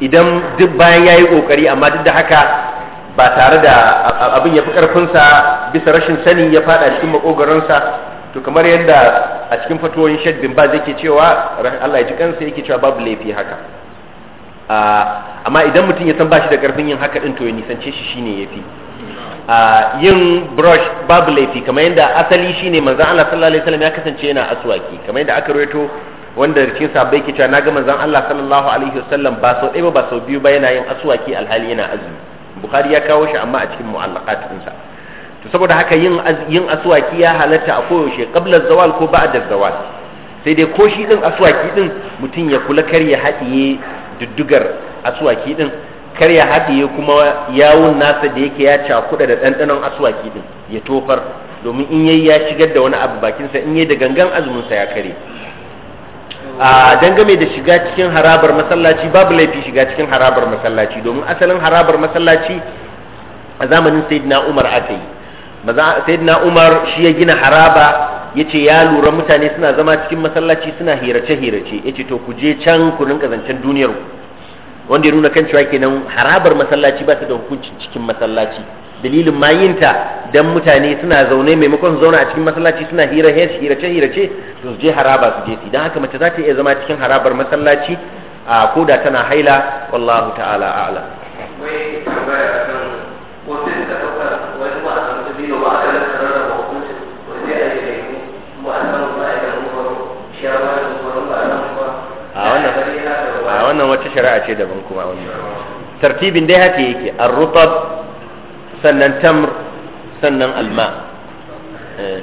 idan duk bayan ya yi ƙoƙari amma duk da haka ba tare da abin ya fi ƙarfinsa bisa rashin sani ya faɗa cikin makogaransa to kamar yadda a cikin fatuwoyin shek ba zai ke cewa Allah ya ji kansa yake cewa babu laifi haka amma idan mutum ya san ba da ƙarfin yin haka ɗin to ya nisance shi shine ya fi yin brush babu laifi kamar yadda asali shine manzon Allah sallallahu alaihi wasallam ya kasance yana aswaki kamar yadda aka rawaito wanda da cikin sahabbai ke cewa ga manzon Allah sallallahu alaihi wasallam ba sau ɗaya ba sau biyu ba yana yin aswaki alhali yana azumi bukhari ya kawo shi amma a cikin mu'allaqat sa to saboda haka yin yin aswaki ya halatta a koyaushe kabla zawal ko ba'da zawal sai dai ko shi din aswaki din mutum ya kula kar ya haɗiye duddugar aswaki din kar ya haɗiye kuma yawun nasa da yake ya cakuɗa da ɗanɗanon aswaki din ya tofar domin in yayi ya shigar da wani abu bakinsa in yayi da gangan azumin sa ya kare a dangame da shiga cikin harabar masallaci babu laifi shiga cikin harabar masallaci domin asalin harabar masallaci a zamanin sayyidina umar aka yi sayyidina umar shi ya gina haraba ya ce ya lura mutane suna zama cikin masallaci suna hirace-hirace ya ce to ku je can ku rinka zancen duniyar ku. wanda ya nuna kan cewa kenan harabar masallaci ba ta da hukunci cikin masallaci dalilin ma yinta dan mutane suna zaune maimakon su zauna a cikin masallaci suna hira hirace hirace to su je haraba su je su dan haka mace za ta iya zama cikin harabar masallaci a koda tana haila wallahu ta'ala a'lam a wannan wata shari'a ce daban kuma wannan tartibin dai haka yake ar-rutab sannan tamr sannan alma eh.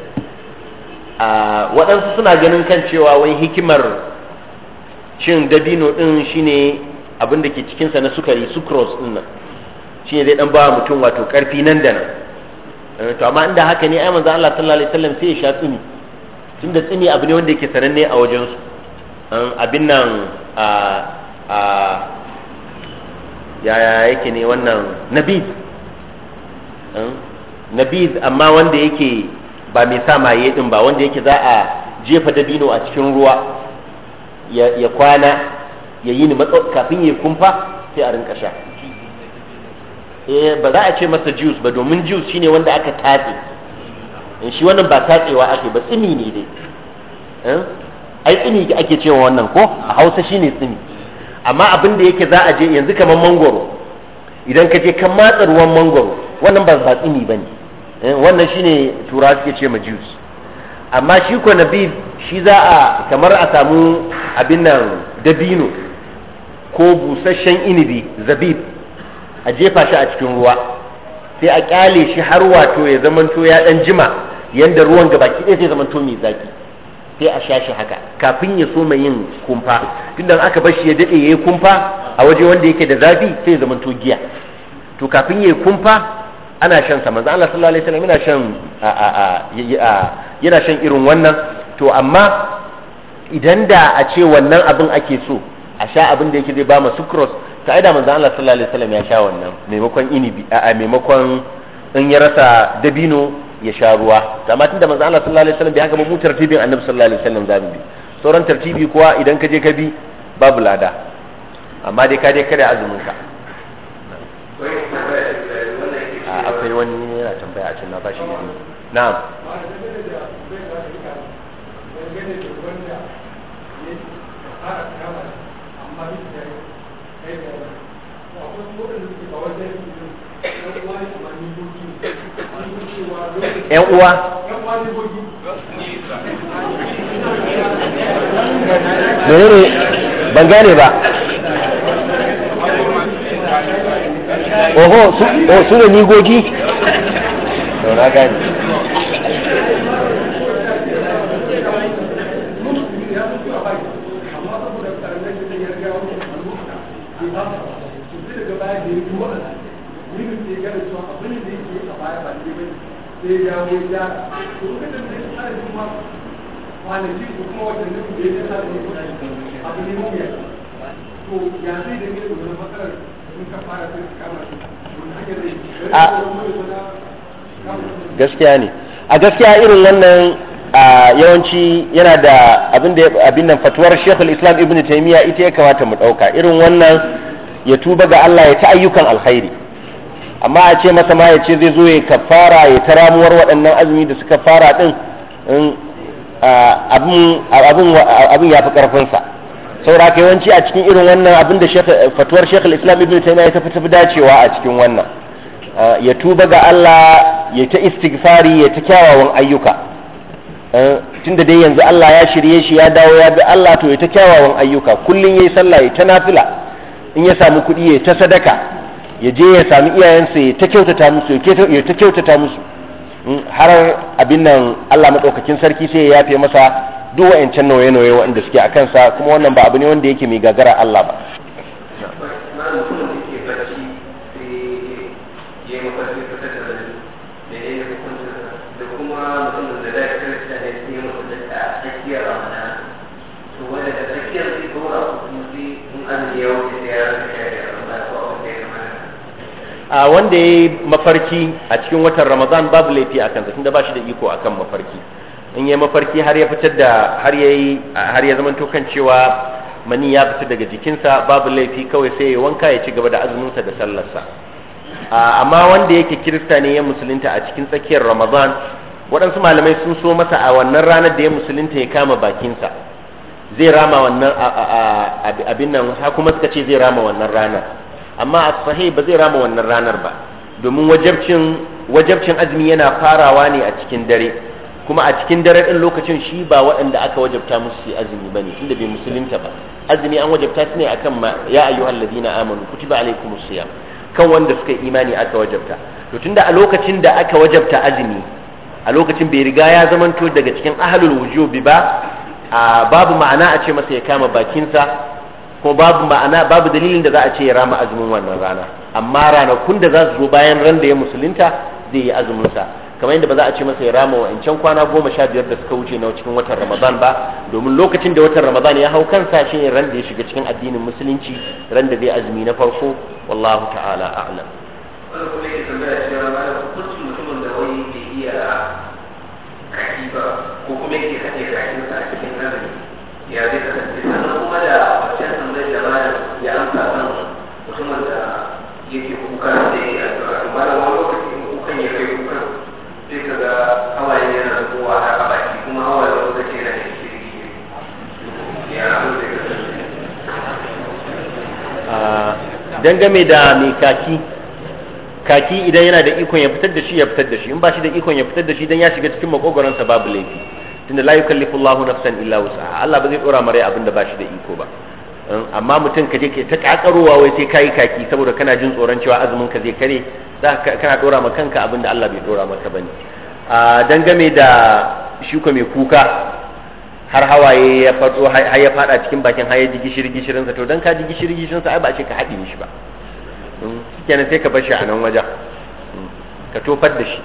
a waɗansu suna ganin kan cewa wai hikimar cin dabino ɗin shine abin da ke cikinsa na sukari sucrose ɗin nan ne zai ɗan ba mutum wato ƙarfi nan da nan eh, to amma inda haka ne ai manzo Allah sallallahu alaihi wasallam sai ya sha tsini tunda tsini abu ne wanda yake sananne a wajensu abin nan a a yaya yake ne wannan nabi Eh? nabiz amma wanda yake ba mai sa maye din ba wanda yake za a jefa dabino a cikin ruwa ya kwana ya yi ni kafin ya kumfa sai a rinka sha eh ba za a ce masa juice ba domin juice shine wanda aka tatse in eh, shi wannan ba tatsewa ake ba tsini ne dai eh? ai tsini ake cewa wannan ko a Hausa shine tsini amma abin da yake za a je yanzu kamar mangoro idan ka je kan matsa ruwan mangoro wannan ba zatsimi ba ne eh, wannan shi ne tura suke ce ma jews amma shi ko shi za a kamar a samu abin nan dabino ko busasshen inibi zabib a jefa shi a cikin ruwa sai a kyale shi har wato ya zamanto ya dan jima yanda ruwan gaba ɗaya sai zamanto mai zaki sai a sha shi haka kafin ya so mai yin kumfa tunda aka bar shi ya daɗe ya yi kumfa a waje wanda yake da zafi sai ya zamanto giya to kafin ya yi kumfa ana shan sa manzo Allah sallallahu alaihi wasallam yana shan yana shan irin wannan to amma idan da a ce wannan abin ake so a sha abin da yake zai ba mu sucrose ta aida manzo Allah sallallahu alaihi wasallam ya sha wannan maimakon inibi a maimakon in ya rasa dabino ya sha ruwa amma tunda manzo Allah sallallahu alaihi wasallam bai haka ba mu tartibin annabi sallallahu alaihi wasallam zamu bi sauran tartibi kuwa idan ka je ka bi babu lada amma dai ka je kada azumin ka akwai wani yana tambaya a na'am yan uwa menene ban gane ba oho su oh, ne nigogi na a gaskiya ne a gaskiya irin wannan yawanci yana da abin da nan fatuwar shekul Islam Ibn taimiyya ita ya kamata mu dauka irin wannan ya tuba ga Allah ya ta ayyukan alkhairi amma a ce masa ma ya ce zai zo ya kafara ya ta ramuwar waɗannan azumi da suka fara din abin ya fi ƙarfinsa saura ka yawanci a cikin irin wannan abin da fatuwar shekul Islam Ibn taimiyya ya tafi dacewa a cikin wannan ya tuba ga Allah ya ta istighfari ya ta kyawawan ayyuka eh, tunda dai yanzu Allah ya shirye shi ya dawo ya bi Allah to ya ta kyawawan ayyuka kullun yayi sallah ya ta nafila in ya samu kuɗi ya ta sadaka ya je ya sami iyayensa ya ta kyautata musu ya ta kyautata musu hmm, har abin nan Allah madaukakin sarki sai ya yafe masa duk wa'ancan nauye-nauye waɗanda suke a kansa kuma wannan ba abu ne wanda yake mai gagara Allah ba a wanda ya yi mafarki a cikin watan ramadan babu laifi a kansa tunda ba shi da iko a kan mafarki in ya mafarki har ya fitar da har ya zamanto kan cewa mani ya fita daga jikinsa babu laifi kawai sai ya wanka ya ci gaba da azuminsa da sallarsa amma wanda yake kirista ne ya musulunta a cikin tsakiyar ramadan waɗansu malamai sun so masa a wannan ranar da ya musulunta ya kama bakinsa zai rama wannan abin nan kuma suka ce zai rama wannan ranar amma a sahih ba zai rama wannan ranar ba domin wajabcin wajabcin azumi yana farawa ne a cikin dare kuma a cikin dare din lokacin shi ba waɗanda aka wajabta musu su azumi bane tunda bai musulunta ba azumi an wajabta su ne akan ya ladina amanu kutiba alaikumus siyam kan wanda suka imani aka wajabta to tunda a lokacin da aka wajabta azumi a lokacin bai riga ya zamanto daga cikin ahlul wujubi ba babu ma'ana a ce masa ya kama bakinsa ko babu ma'ana babu dalilin da za a ce ya rama azumin wannan rana amma ranakun da za su zo bayan ran da ya musulunta zai yi azumin sa kamar yadda ba za a ce masa ya rama wa'ancan kwana goma sha biyar da suka wuce na cikin watan ramadan ba domin lokacin da watan ramadan ya hau kansa shi ne ran da ya shiga cikin addinin musulunci ran da zai azumi na farko wallahu ta'ala a'lam ko kuma yake cikin nan ya zai kasance sannan kuma da Dangame da mai kaki kaki idan yana da ikon ya fitar da shi ya fitar da shi in ba shi da ikon ya fitar da shi dan ya shiga cikin makogoransa babu laifi tunda la yukallifu Allahu nafsan illa wus'aha Allah ba zai dora mare abin da ba shi da iko ba um, amma mutum ka je ke ta kakarowa wai sai kai kaki saboda kana jin tsoron cewa azumin ka zai kare kana dora ma kanka abin da Allah bai dora maka bane a uh, dangame da shi ko mai kuka har hawaye ya fatso har ya fada cikin bakin har ya ji gishiri gishirin sa to dan ka ji gishiri gishirin sa ai ba ce ka hadi shi ba hmm, kenan sai ka bar shi a nan wajen hmm, ka tofar da shi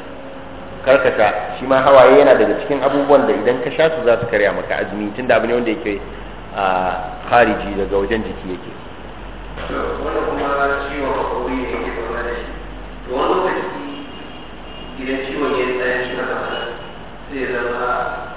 kar ka shi ma hawaye yana daga cikin abubuwan da idan ka sha su za su karya maka azumi tunda abu ne wanda yake a khariji daga wajen jiki yake wanda kuma ciwon hakuri ne yake zama da shi to wani lokaci idan ciwon ya tsaya shi na sai zama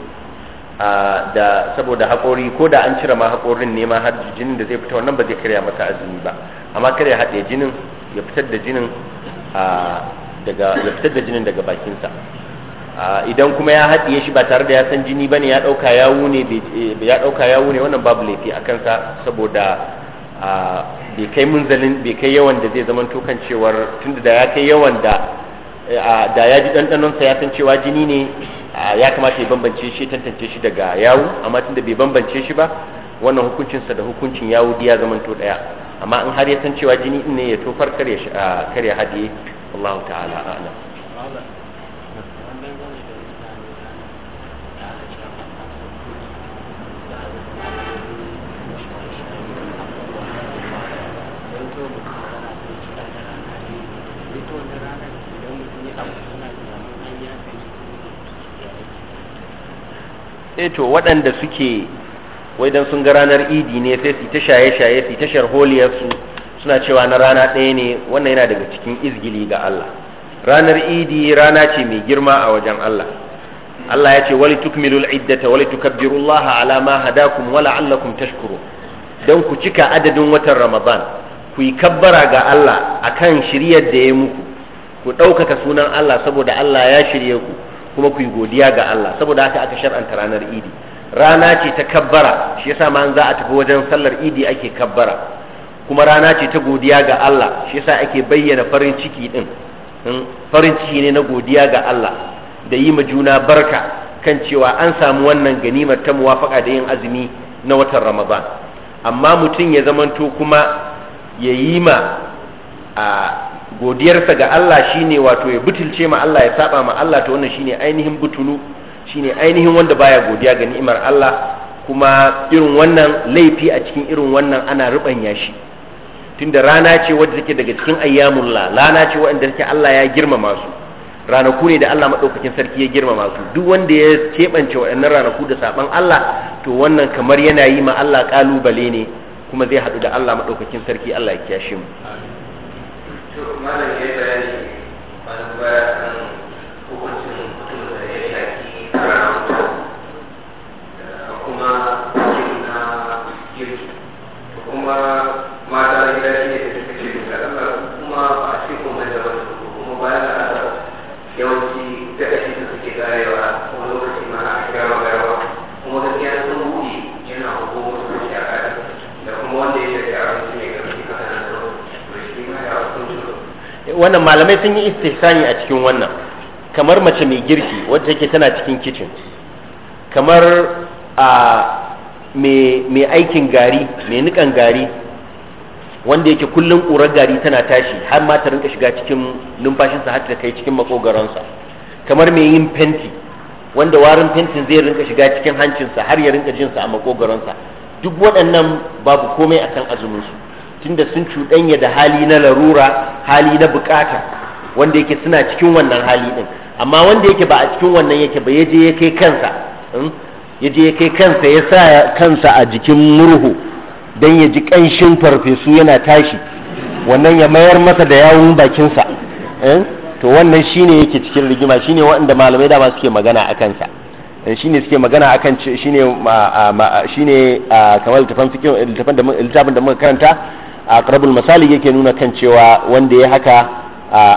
da saboda haƙori ko da an cire ma haƙorin ne ma har jinin da zai fita wannan ba zai karya masa azumi ba amma kar ya haɗe jinin ya fitar da jinin daga ya fitar da jinin daga bakinsa idan kuma ya haɗiye shi ba tare da ya san jini bane ya ɗauka yawu ne ya ɗauka yawu ne eh, wannan babu laifi a kansa saboda bai kai munzalin bai kai yawan da zai zama kan cewar tunda da ya kai yawan da eh, da ya ji ɗanɗanonsa ya san cewa jini ne Ah, ya kamata ya bambance shi tantance shi daga yawu amma tun da bai bambance shi ba wannan hukuncinsa da hukuncin yawu ya zamanto daya amma in har ya san cewa jini ne ya tofar kar ya ah, hadiye Allah ta'ala a'lam Eh to waɗanda suke wai sun ga ranar idi ne sai su ta shaye-shaye su ta sharholiyarsu suna cewa na rana ɗaya ne wannan yana daga cikin izgili ga Allah ranar idi rana ce mai girma a wajen Allah Allah ya ce wali tukmilul iddata wali tukabbirullah ala ma hadakum wala allakum tashkuru dan ku cika adadin watan Ramadan ku yi kabbara ga Allah akan shiryar da ya muku ku ɗaukaka sunan Allah saboda Allah ya shirye ku kuma ku yi godiya ga Allah saboda haka aka shar'anta ranar idi rana ce ta kabbara shi yasa ma za a tafi wajen sallar idi ake kabbara kuma rana ce ta godiya ga Allah shi yasa ake bayyana farin ciki din hmm, farin ciki ne na godiya ga Allah da yi ma juna barka kan cewa an samu wannan ganimar ta muwafaka da yin azumi na watan Ramadan amma mutum ya zamanto kuma ya yi ma a godiyarsa ga Allah shine wato ya butulce ma Allah ya saba ma Allah to wannan shine ainihin butulu shine ainihin wanda baya godiya ga ni'imar Allah kuma irin wannan laifi a cikin irin wannan ana rubanya shi tunda rana ce wadda take daga cikin ayyamullah rana ce wadda take Allah ya girmama su ranaku ne da Allah madaukakin sarki ya girmama su duk wanda ya keɓance waɗannan ranaku da saban Allah to wannan kamar yana yi ma Allah kalubale ne kuma zai haɗu da Allah maɗaukakin sarki Allah ya kiyashe mu malam ya bayani wannan malamai sun yi istihsani a cikin wannan kamar mace mai girki wacce take tana cikin kitchen kamar a mai aikin gari mai nikan gari wanda yake kullum kurar gari tana tashi har ma ta rinka shiga cikin numfashinsa har ta kai cikin makogaransa kamar mai yin fenti wanda warin fentin zai rinka shiga cikin hancinsa har ya rinka jinsa a makogaransa duk waɗannan babu komai akan azumin su tunda sun cuɗanya da hali na larura hali na bukata wanda yake suna cikin wannan hali din amma wanda yake ba a cikin wannan yake ba yaje ya kai kansa hmm? yaje ya kai kansa ya sa kansa a jikin murhu dan ya ji kanshin farfesu yana tashi wannan ya mayar masa da yawun bakinsa hmm? to wannan shine yake cikin rigima shine waɗanda malamai dama suke magana a kansa eh, shine suke magana akan shine shine kamar littafin da littafin da muka karanta a aqrabul masali yake nuna kan cewa wanda ya haka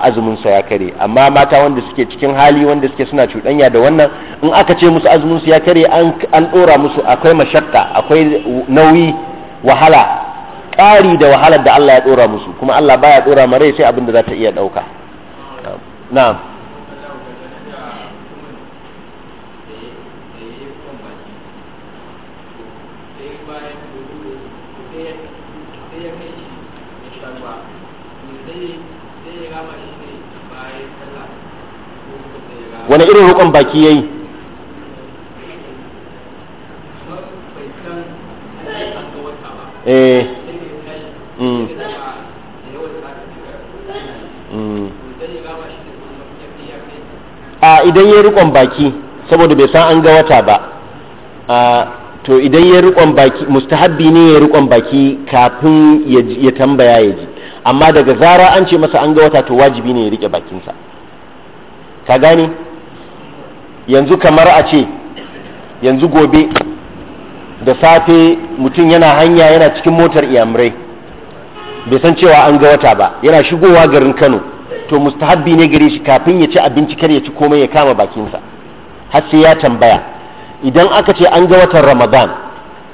azumin sa ya kare amma mata wanda suke cikin hali wanda suke suna cuɗanya da wannan in aka ce musu azumin su ya kare an ɗora musu akwai mashakka akwai nauyi wahala ƙari da wahalar da Allah ya ɗora musu kuma Allah baya ɗora ma rai sai abin da za ta iya ɗauka na'am wani irin rukun baki yayi eh a idan ya rukun baki saboda bai san an ga wata ba to idan ya riƙon baki mustahabbi ne ya rikon baki kafin ya tambaya ya ji amma daga zara an ce masa an ga wata to wajibi ne ya riƙe bakinsa ka gane yanzu kamar a ce yanzu gobe da safe mutum yana hanya yana cikin motar iyamurai bai san cewa an ga wata ba yana shigowa garin kano to mustahabbi ne gare shi kafin ya ci abinci kar ya ci komai ya kama bakinsa har sai ya tambaya idan aka ce an ga watan ramadan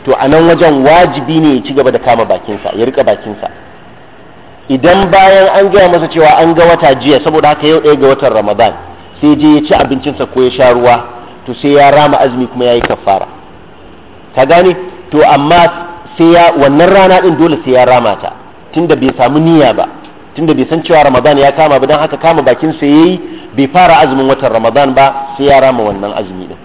to a nan wajen wajibi ne ya ci gaba da kama bakinsa ya rika bakinsa idan bayan an gaya masa cewa an ga wata jiya saboda haka yau ɗaya ga watan ramadan sai je ya ci abincinsa ko ya sha ruwa to sai ya rama azumi kuma ya yi kafara ka gane to amma sai ya wannan rana ɗin dole sai ya rama ta tunda bai samu niyya ba tunda bai san cewa ramadan ya kama ba don haka kama bakinsa ya yi bai fara azumin watan ramadan ba sai ya rama wannan azumi ɗin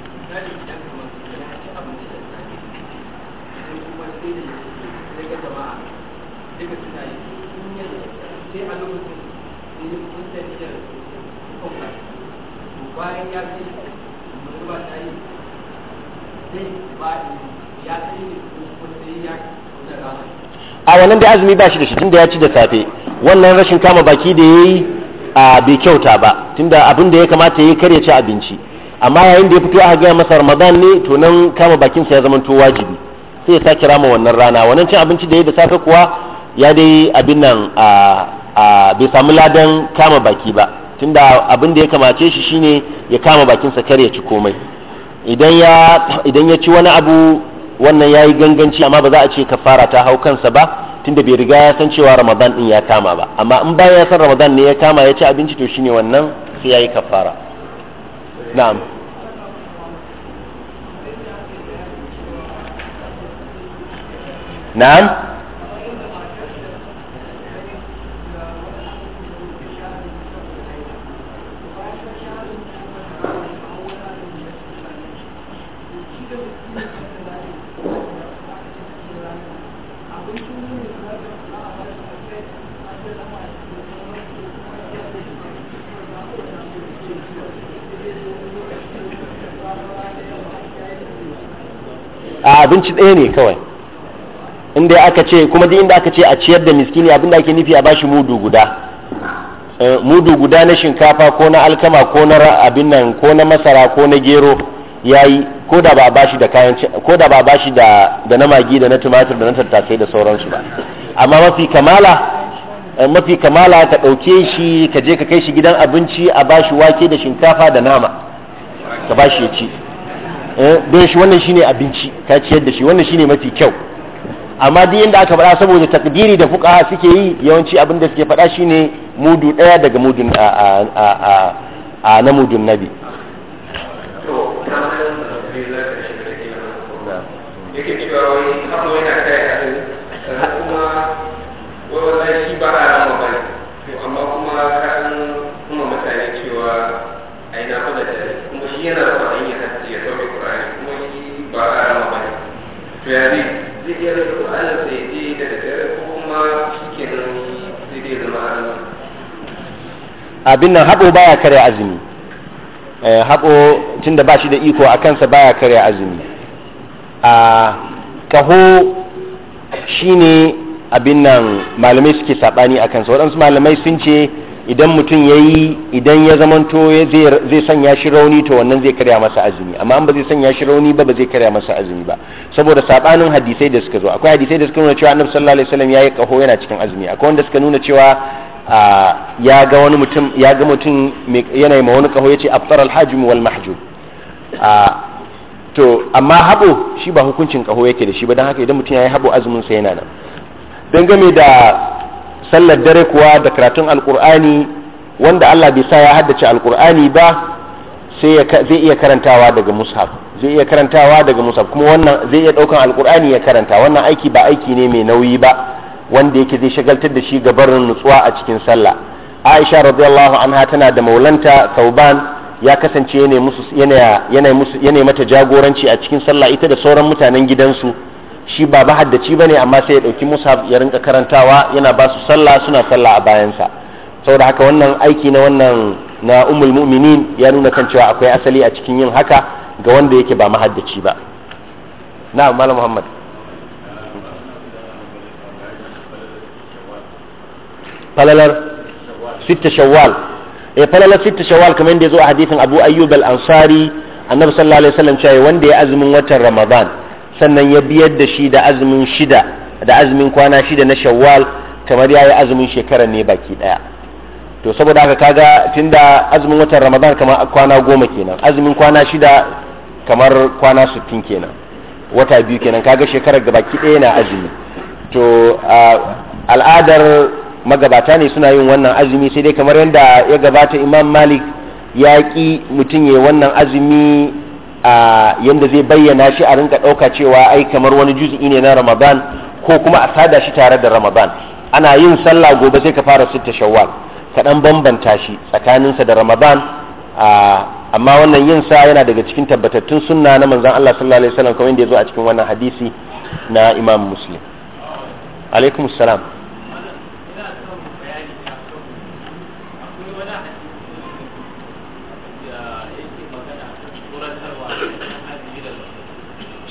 a wannan da azumi ba shi da shi tunda ya ci da safe wannan rashin kama baki da yayi a bai kyauta ba tunda abin da ya kamata yayi kar ya ci abinci amma yayin da ya fito a gaya masa ramadan ne to nan kama bakinsa ya zama to wajibi sai ya sake rama wannan rana wannan cin abinci da yayi da safe kuwa ya dai abin nan bai samu ladan kama baki ba tunda abin da ya kamace shi shine ya kama bakinsa sa kar ya ci komai idan ya ci wani abu wannan ya yi ganganci amma ba za a ce kafara ta hau kansa ba tunda bai riga ya san cewa ramadan din ya kama ba amma in bayan ya san ramadan ne ya kama ya ci abinci to shine wannan sai ya yi kafara na'am na'am abinci ɗaya ne kawai inda aka ce kuma duk inda aka ce a ciyar da miskini abin ake nufi a bashi mudu guda eh, mudu guda na shinkafa ko na alkama ko na abin nan ko na masara ko na gero yayi ko da ba a bashi da kayan ko da ba a bashi da da na magi da na tumatir da na tattasai da sauransu ba amma mafi kamala eh, mafi kamala ka ɗauke shi ka je ka kai shi gidan abinci a bashi wake da shinkafa da nama ka bashi ya ci Eh, don shi wannan shine abinci ta ciyar da shi wannan shine mafi kyau amma duk inda aka faɗa saboda takdiri da fuka suke yi yawanci abin da suke faɗa shine mudu daya daga mudun a na mudun nabi yana yare zai iya ba ya azumi abin haɓo baya karya azumi eh, haɓo tunda ba shi da iko a kansa baya karya azumi a ƙaho ne abin nan malamai suke saɓani a kansa waɗansu malamai sun ce idan mutum ya yi idan ya zamanto zai sanya shi rauni to wannan zai karya masa azumi amma an ba zai sanya shi rauni ba ba zai karya masa azumi ba saboda sabanin hadisai da suka zo akwai hadisai da suka nuna cewa annabi sallallahu alaihi wasallam yayi kaho yana cikin azumi akwai wanda suka nuna cewa ya ga wani mutum ya ga mutum yana ma wani kaho yace aftar alhajim wal mahjub to amma habo shi ba hukuncin kaho yake da shi ba dan haka idan mutum yayi habo azumin sa yana nan dangane da sallar dare kuwa da karatun alkur'ani wanda Allah bai sa ya haddace alkur'ani ba sai zai iya karantawa daga mushaf zai iya karantawa daga mushaf kuma wannan zai iya daukan alkur'ani ya karanta wannan aiki ba aiki ne mai nauyi ba wanda yake zai shagaltar da shi gabarin nutsuwa a cikin sallah Aisha radiyallahu anha tana da maulanta Sauban ya kasance yana yana yana mata jagoranci a cikin sallah ita da sauran mutanen gidansu shi ba mahaddaci ba ne amma sai ya ɗauki mushaf ya rinka karantawa yana ba su sallah suna sallah a bayansa saboda haka wannan aiki na wannan na umul mu'minin ya nuna kan cewa akwai asali a cikin yin haka ga wanda yake ba mahaddaci ba na malam muhammad falalar sitta shawwal e falalar sitta shawwal kamar yadda ya zo a hadisin abu ayyub al-ansari annabi sallallahu alaihi wasallam cewa wanda ya azumin watan ramadan sannan ya biyar da shi da azumin shida da azumin kwana shida na shawwal kamar ya yi azumin shekarar ne baki daya to saboda haka kaga tunda azumin watan ramadan kamar kwana goma kenan azumin kwana shida kamar kwana sittin kenan wata biyu kenan kaga shekarar da baki ɗaya na azumi to al'adar magabata ne suna yin wannan azumi sai dai kamar yadda ya gabata imam malik ya ki mutum ya wannan azumi yanda zai bayyana shi a rinka ɗauka cewa ai kamar wani juz'i ne na ramadan ko kuma a sada shi tare da ramadan ana yin sallah gobe sai ka fara sitta shawwal ka dan bambanta shi tsakaninsa da ramadan amma wannan yin sa yana daga cikin tabbatattun sunna na manzon Allah sallallahu alaihi wasallam kamar yadda ya zo a cikin wannan hadisi na imam muslim alaikum salam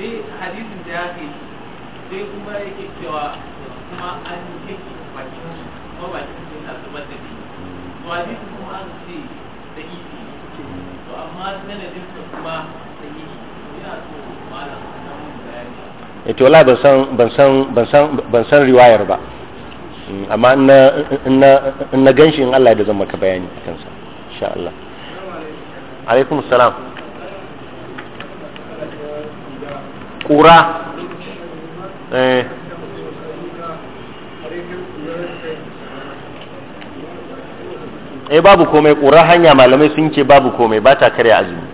sai hadisin da ya ke sai kuma yake cewa kuma an yake bakin su kuma bakin su yana zubar da ne to hadisin kuma an ce da ifi to amma sanadin sa kuma da ifi yana so malam samun bayani e to la ban san ban san ban san ban san riwayar ba mm, amma in na ganshi in Allah da zan maka bayani kansa insha Allah alaikum salam ƙura eh. eh babu komai ƙura hanya malamai sun ce babu komai ba ta karya azumi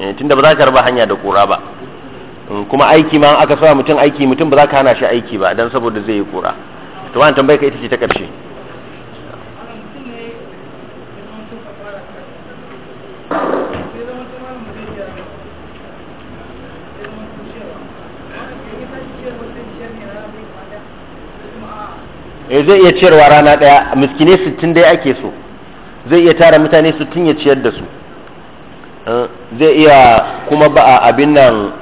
eh, tunda ba za ka raba hanya da ƙura ba mm, kuma aiki ma aka sa mutum aiki mutum ba za ka hana shi aiki ba don saboda zai yi ƙura to wani tambaye ka ita ce ta ƙarshe eh zai iya ciyarwa rana daya miskine 60 dai ake so zai iya tara mutane 60 ya ciyar da su eh, zai iya kuma ba abin nan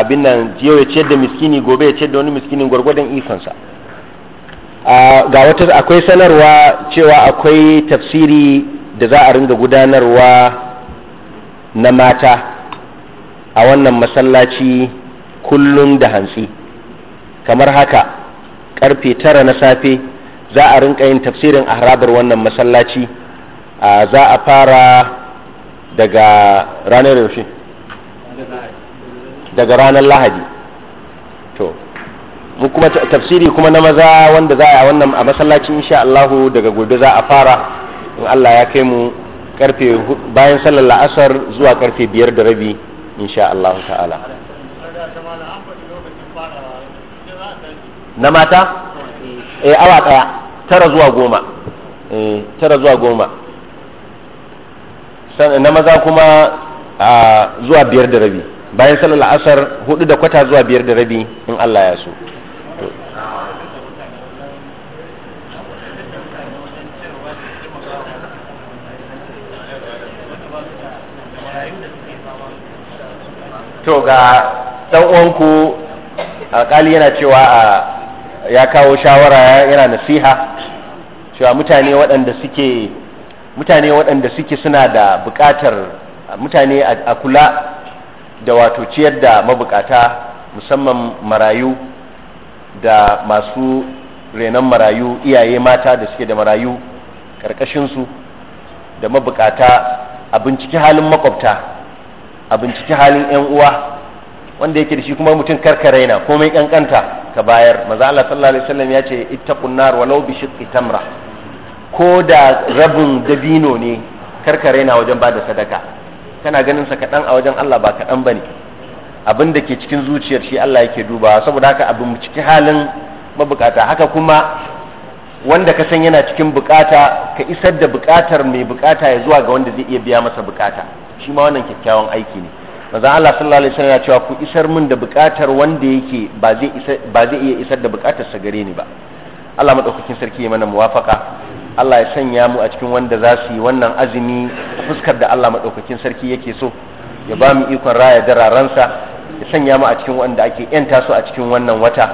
abin nan yau ya ciyar da miskini gobe ya ciyar da wani miskinin gwargwadon ifansa ga wata akwai sanarwa cewa akwai tafsiri da za a ringa gudanarwa na mata a wannan masallaci kullum da hansi kamar haka karfe tara na safe za a rinka yin tafsirin ahrabar wannan masallaci za a fara daga ranar yaushe daga ranar lahadi to mu kuma tafsiri kuma na maza wanda za a wannan a masallaci insha Allahu daga gobe za a fara in Allah ya kai mu karfe bayan sallar la'asar zuwa karfe biyar da rabi insha Allahu ta'ala na mata eh awa daya tara zuwa goma eh, tara zuwa goma na maza kuma a zuwa biyar da rabi bayan salar asar hudu da kwata zuwa biyar da rabi in Allah ya so to ga dan uwanku alkali yana cewa a ya kawo shawara yana nasiha cewa mutane waɗanda suke mutane waɗanda suke suna da buƙatar mutane a kula da wato ciyar da mabukata musamman marayu da masu renon marayu iyaye mata da suke da marayu ƙarƙashinsu da mabukata a binciki halin makwabta a binciki halin 'yan uwa wanda yake da shi kuma mutum karkare na komai kankanta ka bayar maza Allah sallallahu alaihi wasallam ya ce ittaqun nar walau bi shiqqi tamra ko da rabin dabino ne karkare na wajen bada sadaka kana ganin sa kadan a wajen Allah ba kadan bane abin da ke cikin zuciyar shi Allah yake dubawa saboda haka abin cikin halin mabukata haka kuma wanda ka san yana cikin bukata ka isar da bukatar mai bukata ya zuwa ga wanda zai iya biya masa bukata shi ma wannan kyakkyawan aiki ne maza Allah sallallahu alaihi wasallam ya cewa ku isar min da bukatar wanda yake ba zai ba zai iya isar da bukatar sa gare ni ba Allah madaukakin sarki ya mana muwafaka Allah ya sanya mu a cikin wanda za su yi wannan azumi fuskar da Allah madaukakin sarki yake so ya ba mu ikon raya da dararansa ya sanya mu a cikin wanda ake yanta su a cikin wannan wata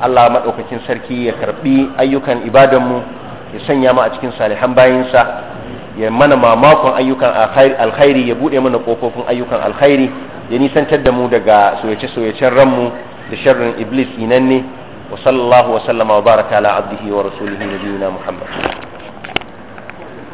Allah madaukakin sarki ya karbi ayyukan ibadan mu ya sanya mu a cikin salihan bayinsa ya mana mamakon ayyukan alkhairi ya bude mana kofofin ayyukan alkhairi ya nisantar da mu daga soyace-soyacen ranmu da sharrin iblis inanne wa sallallahu wa sallama wa baraka ala abdihi wa rasulihi nabiyina muhammad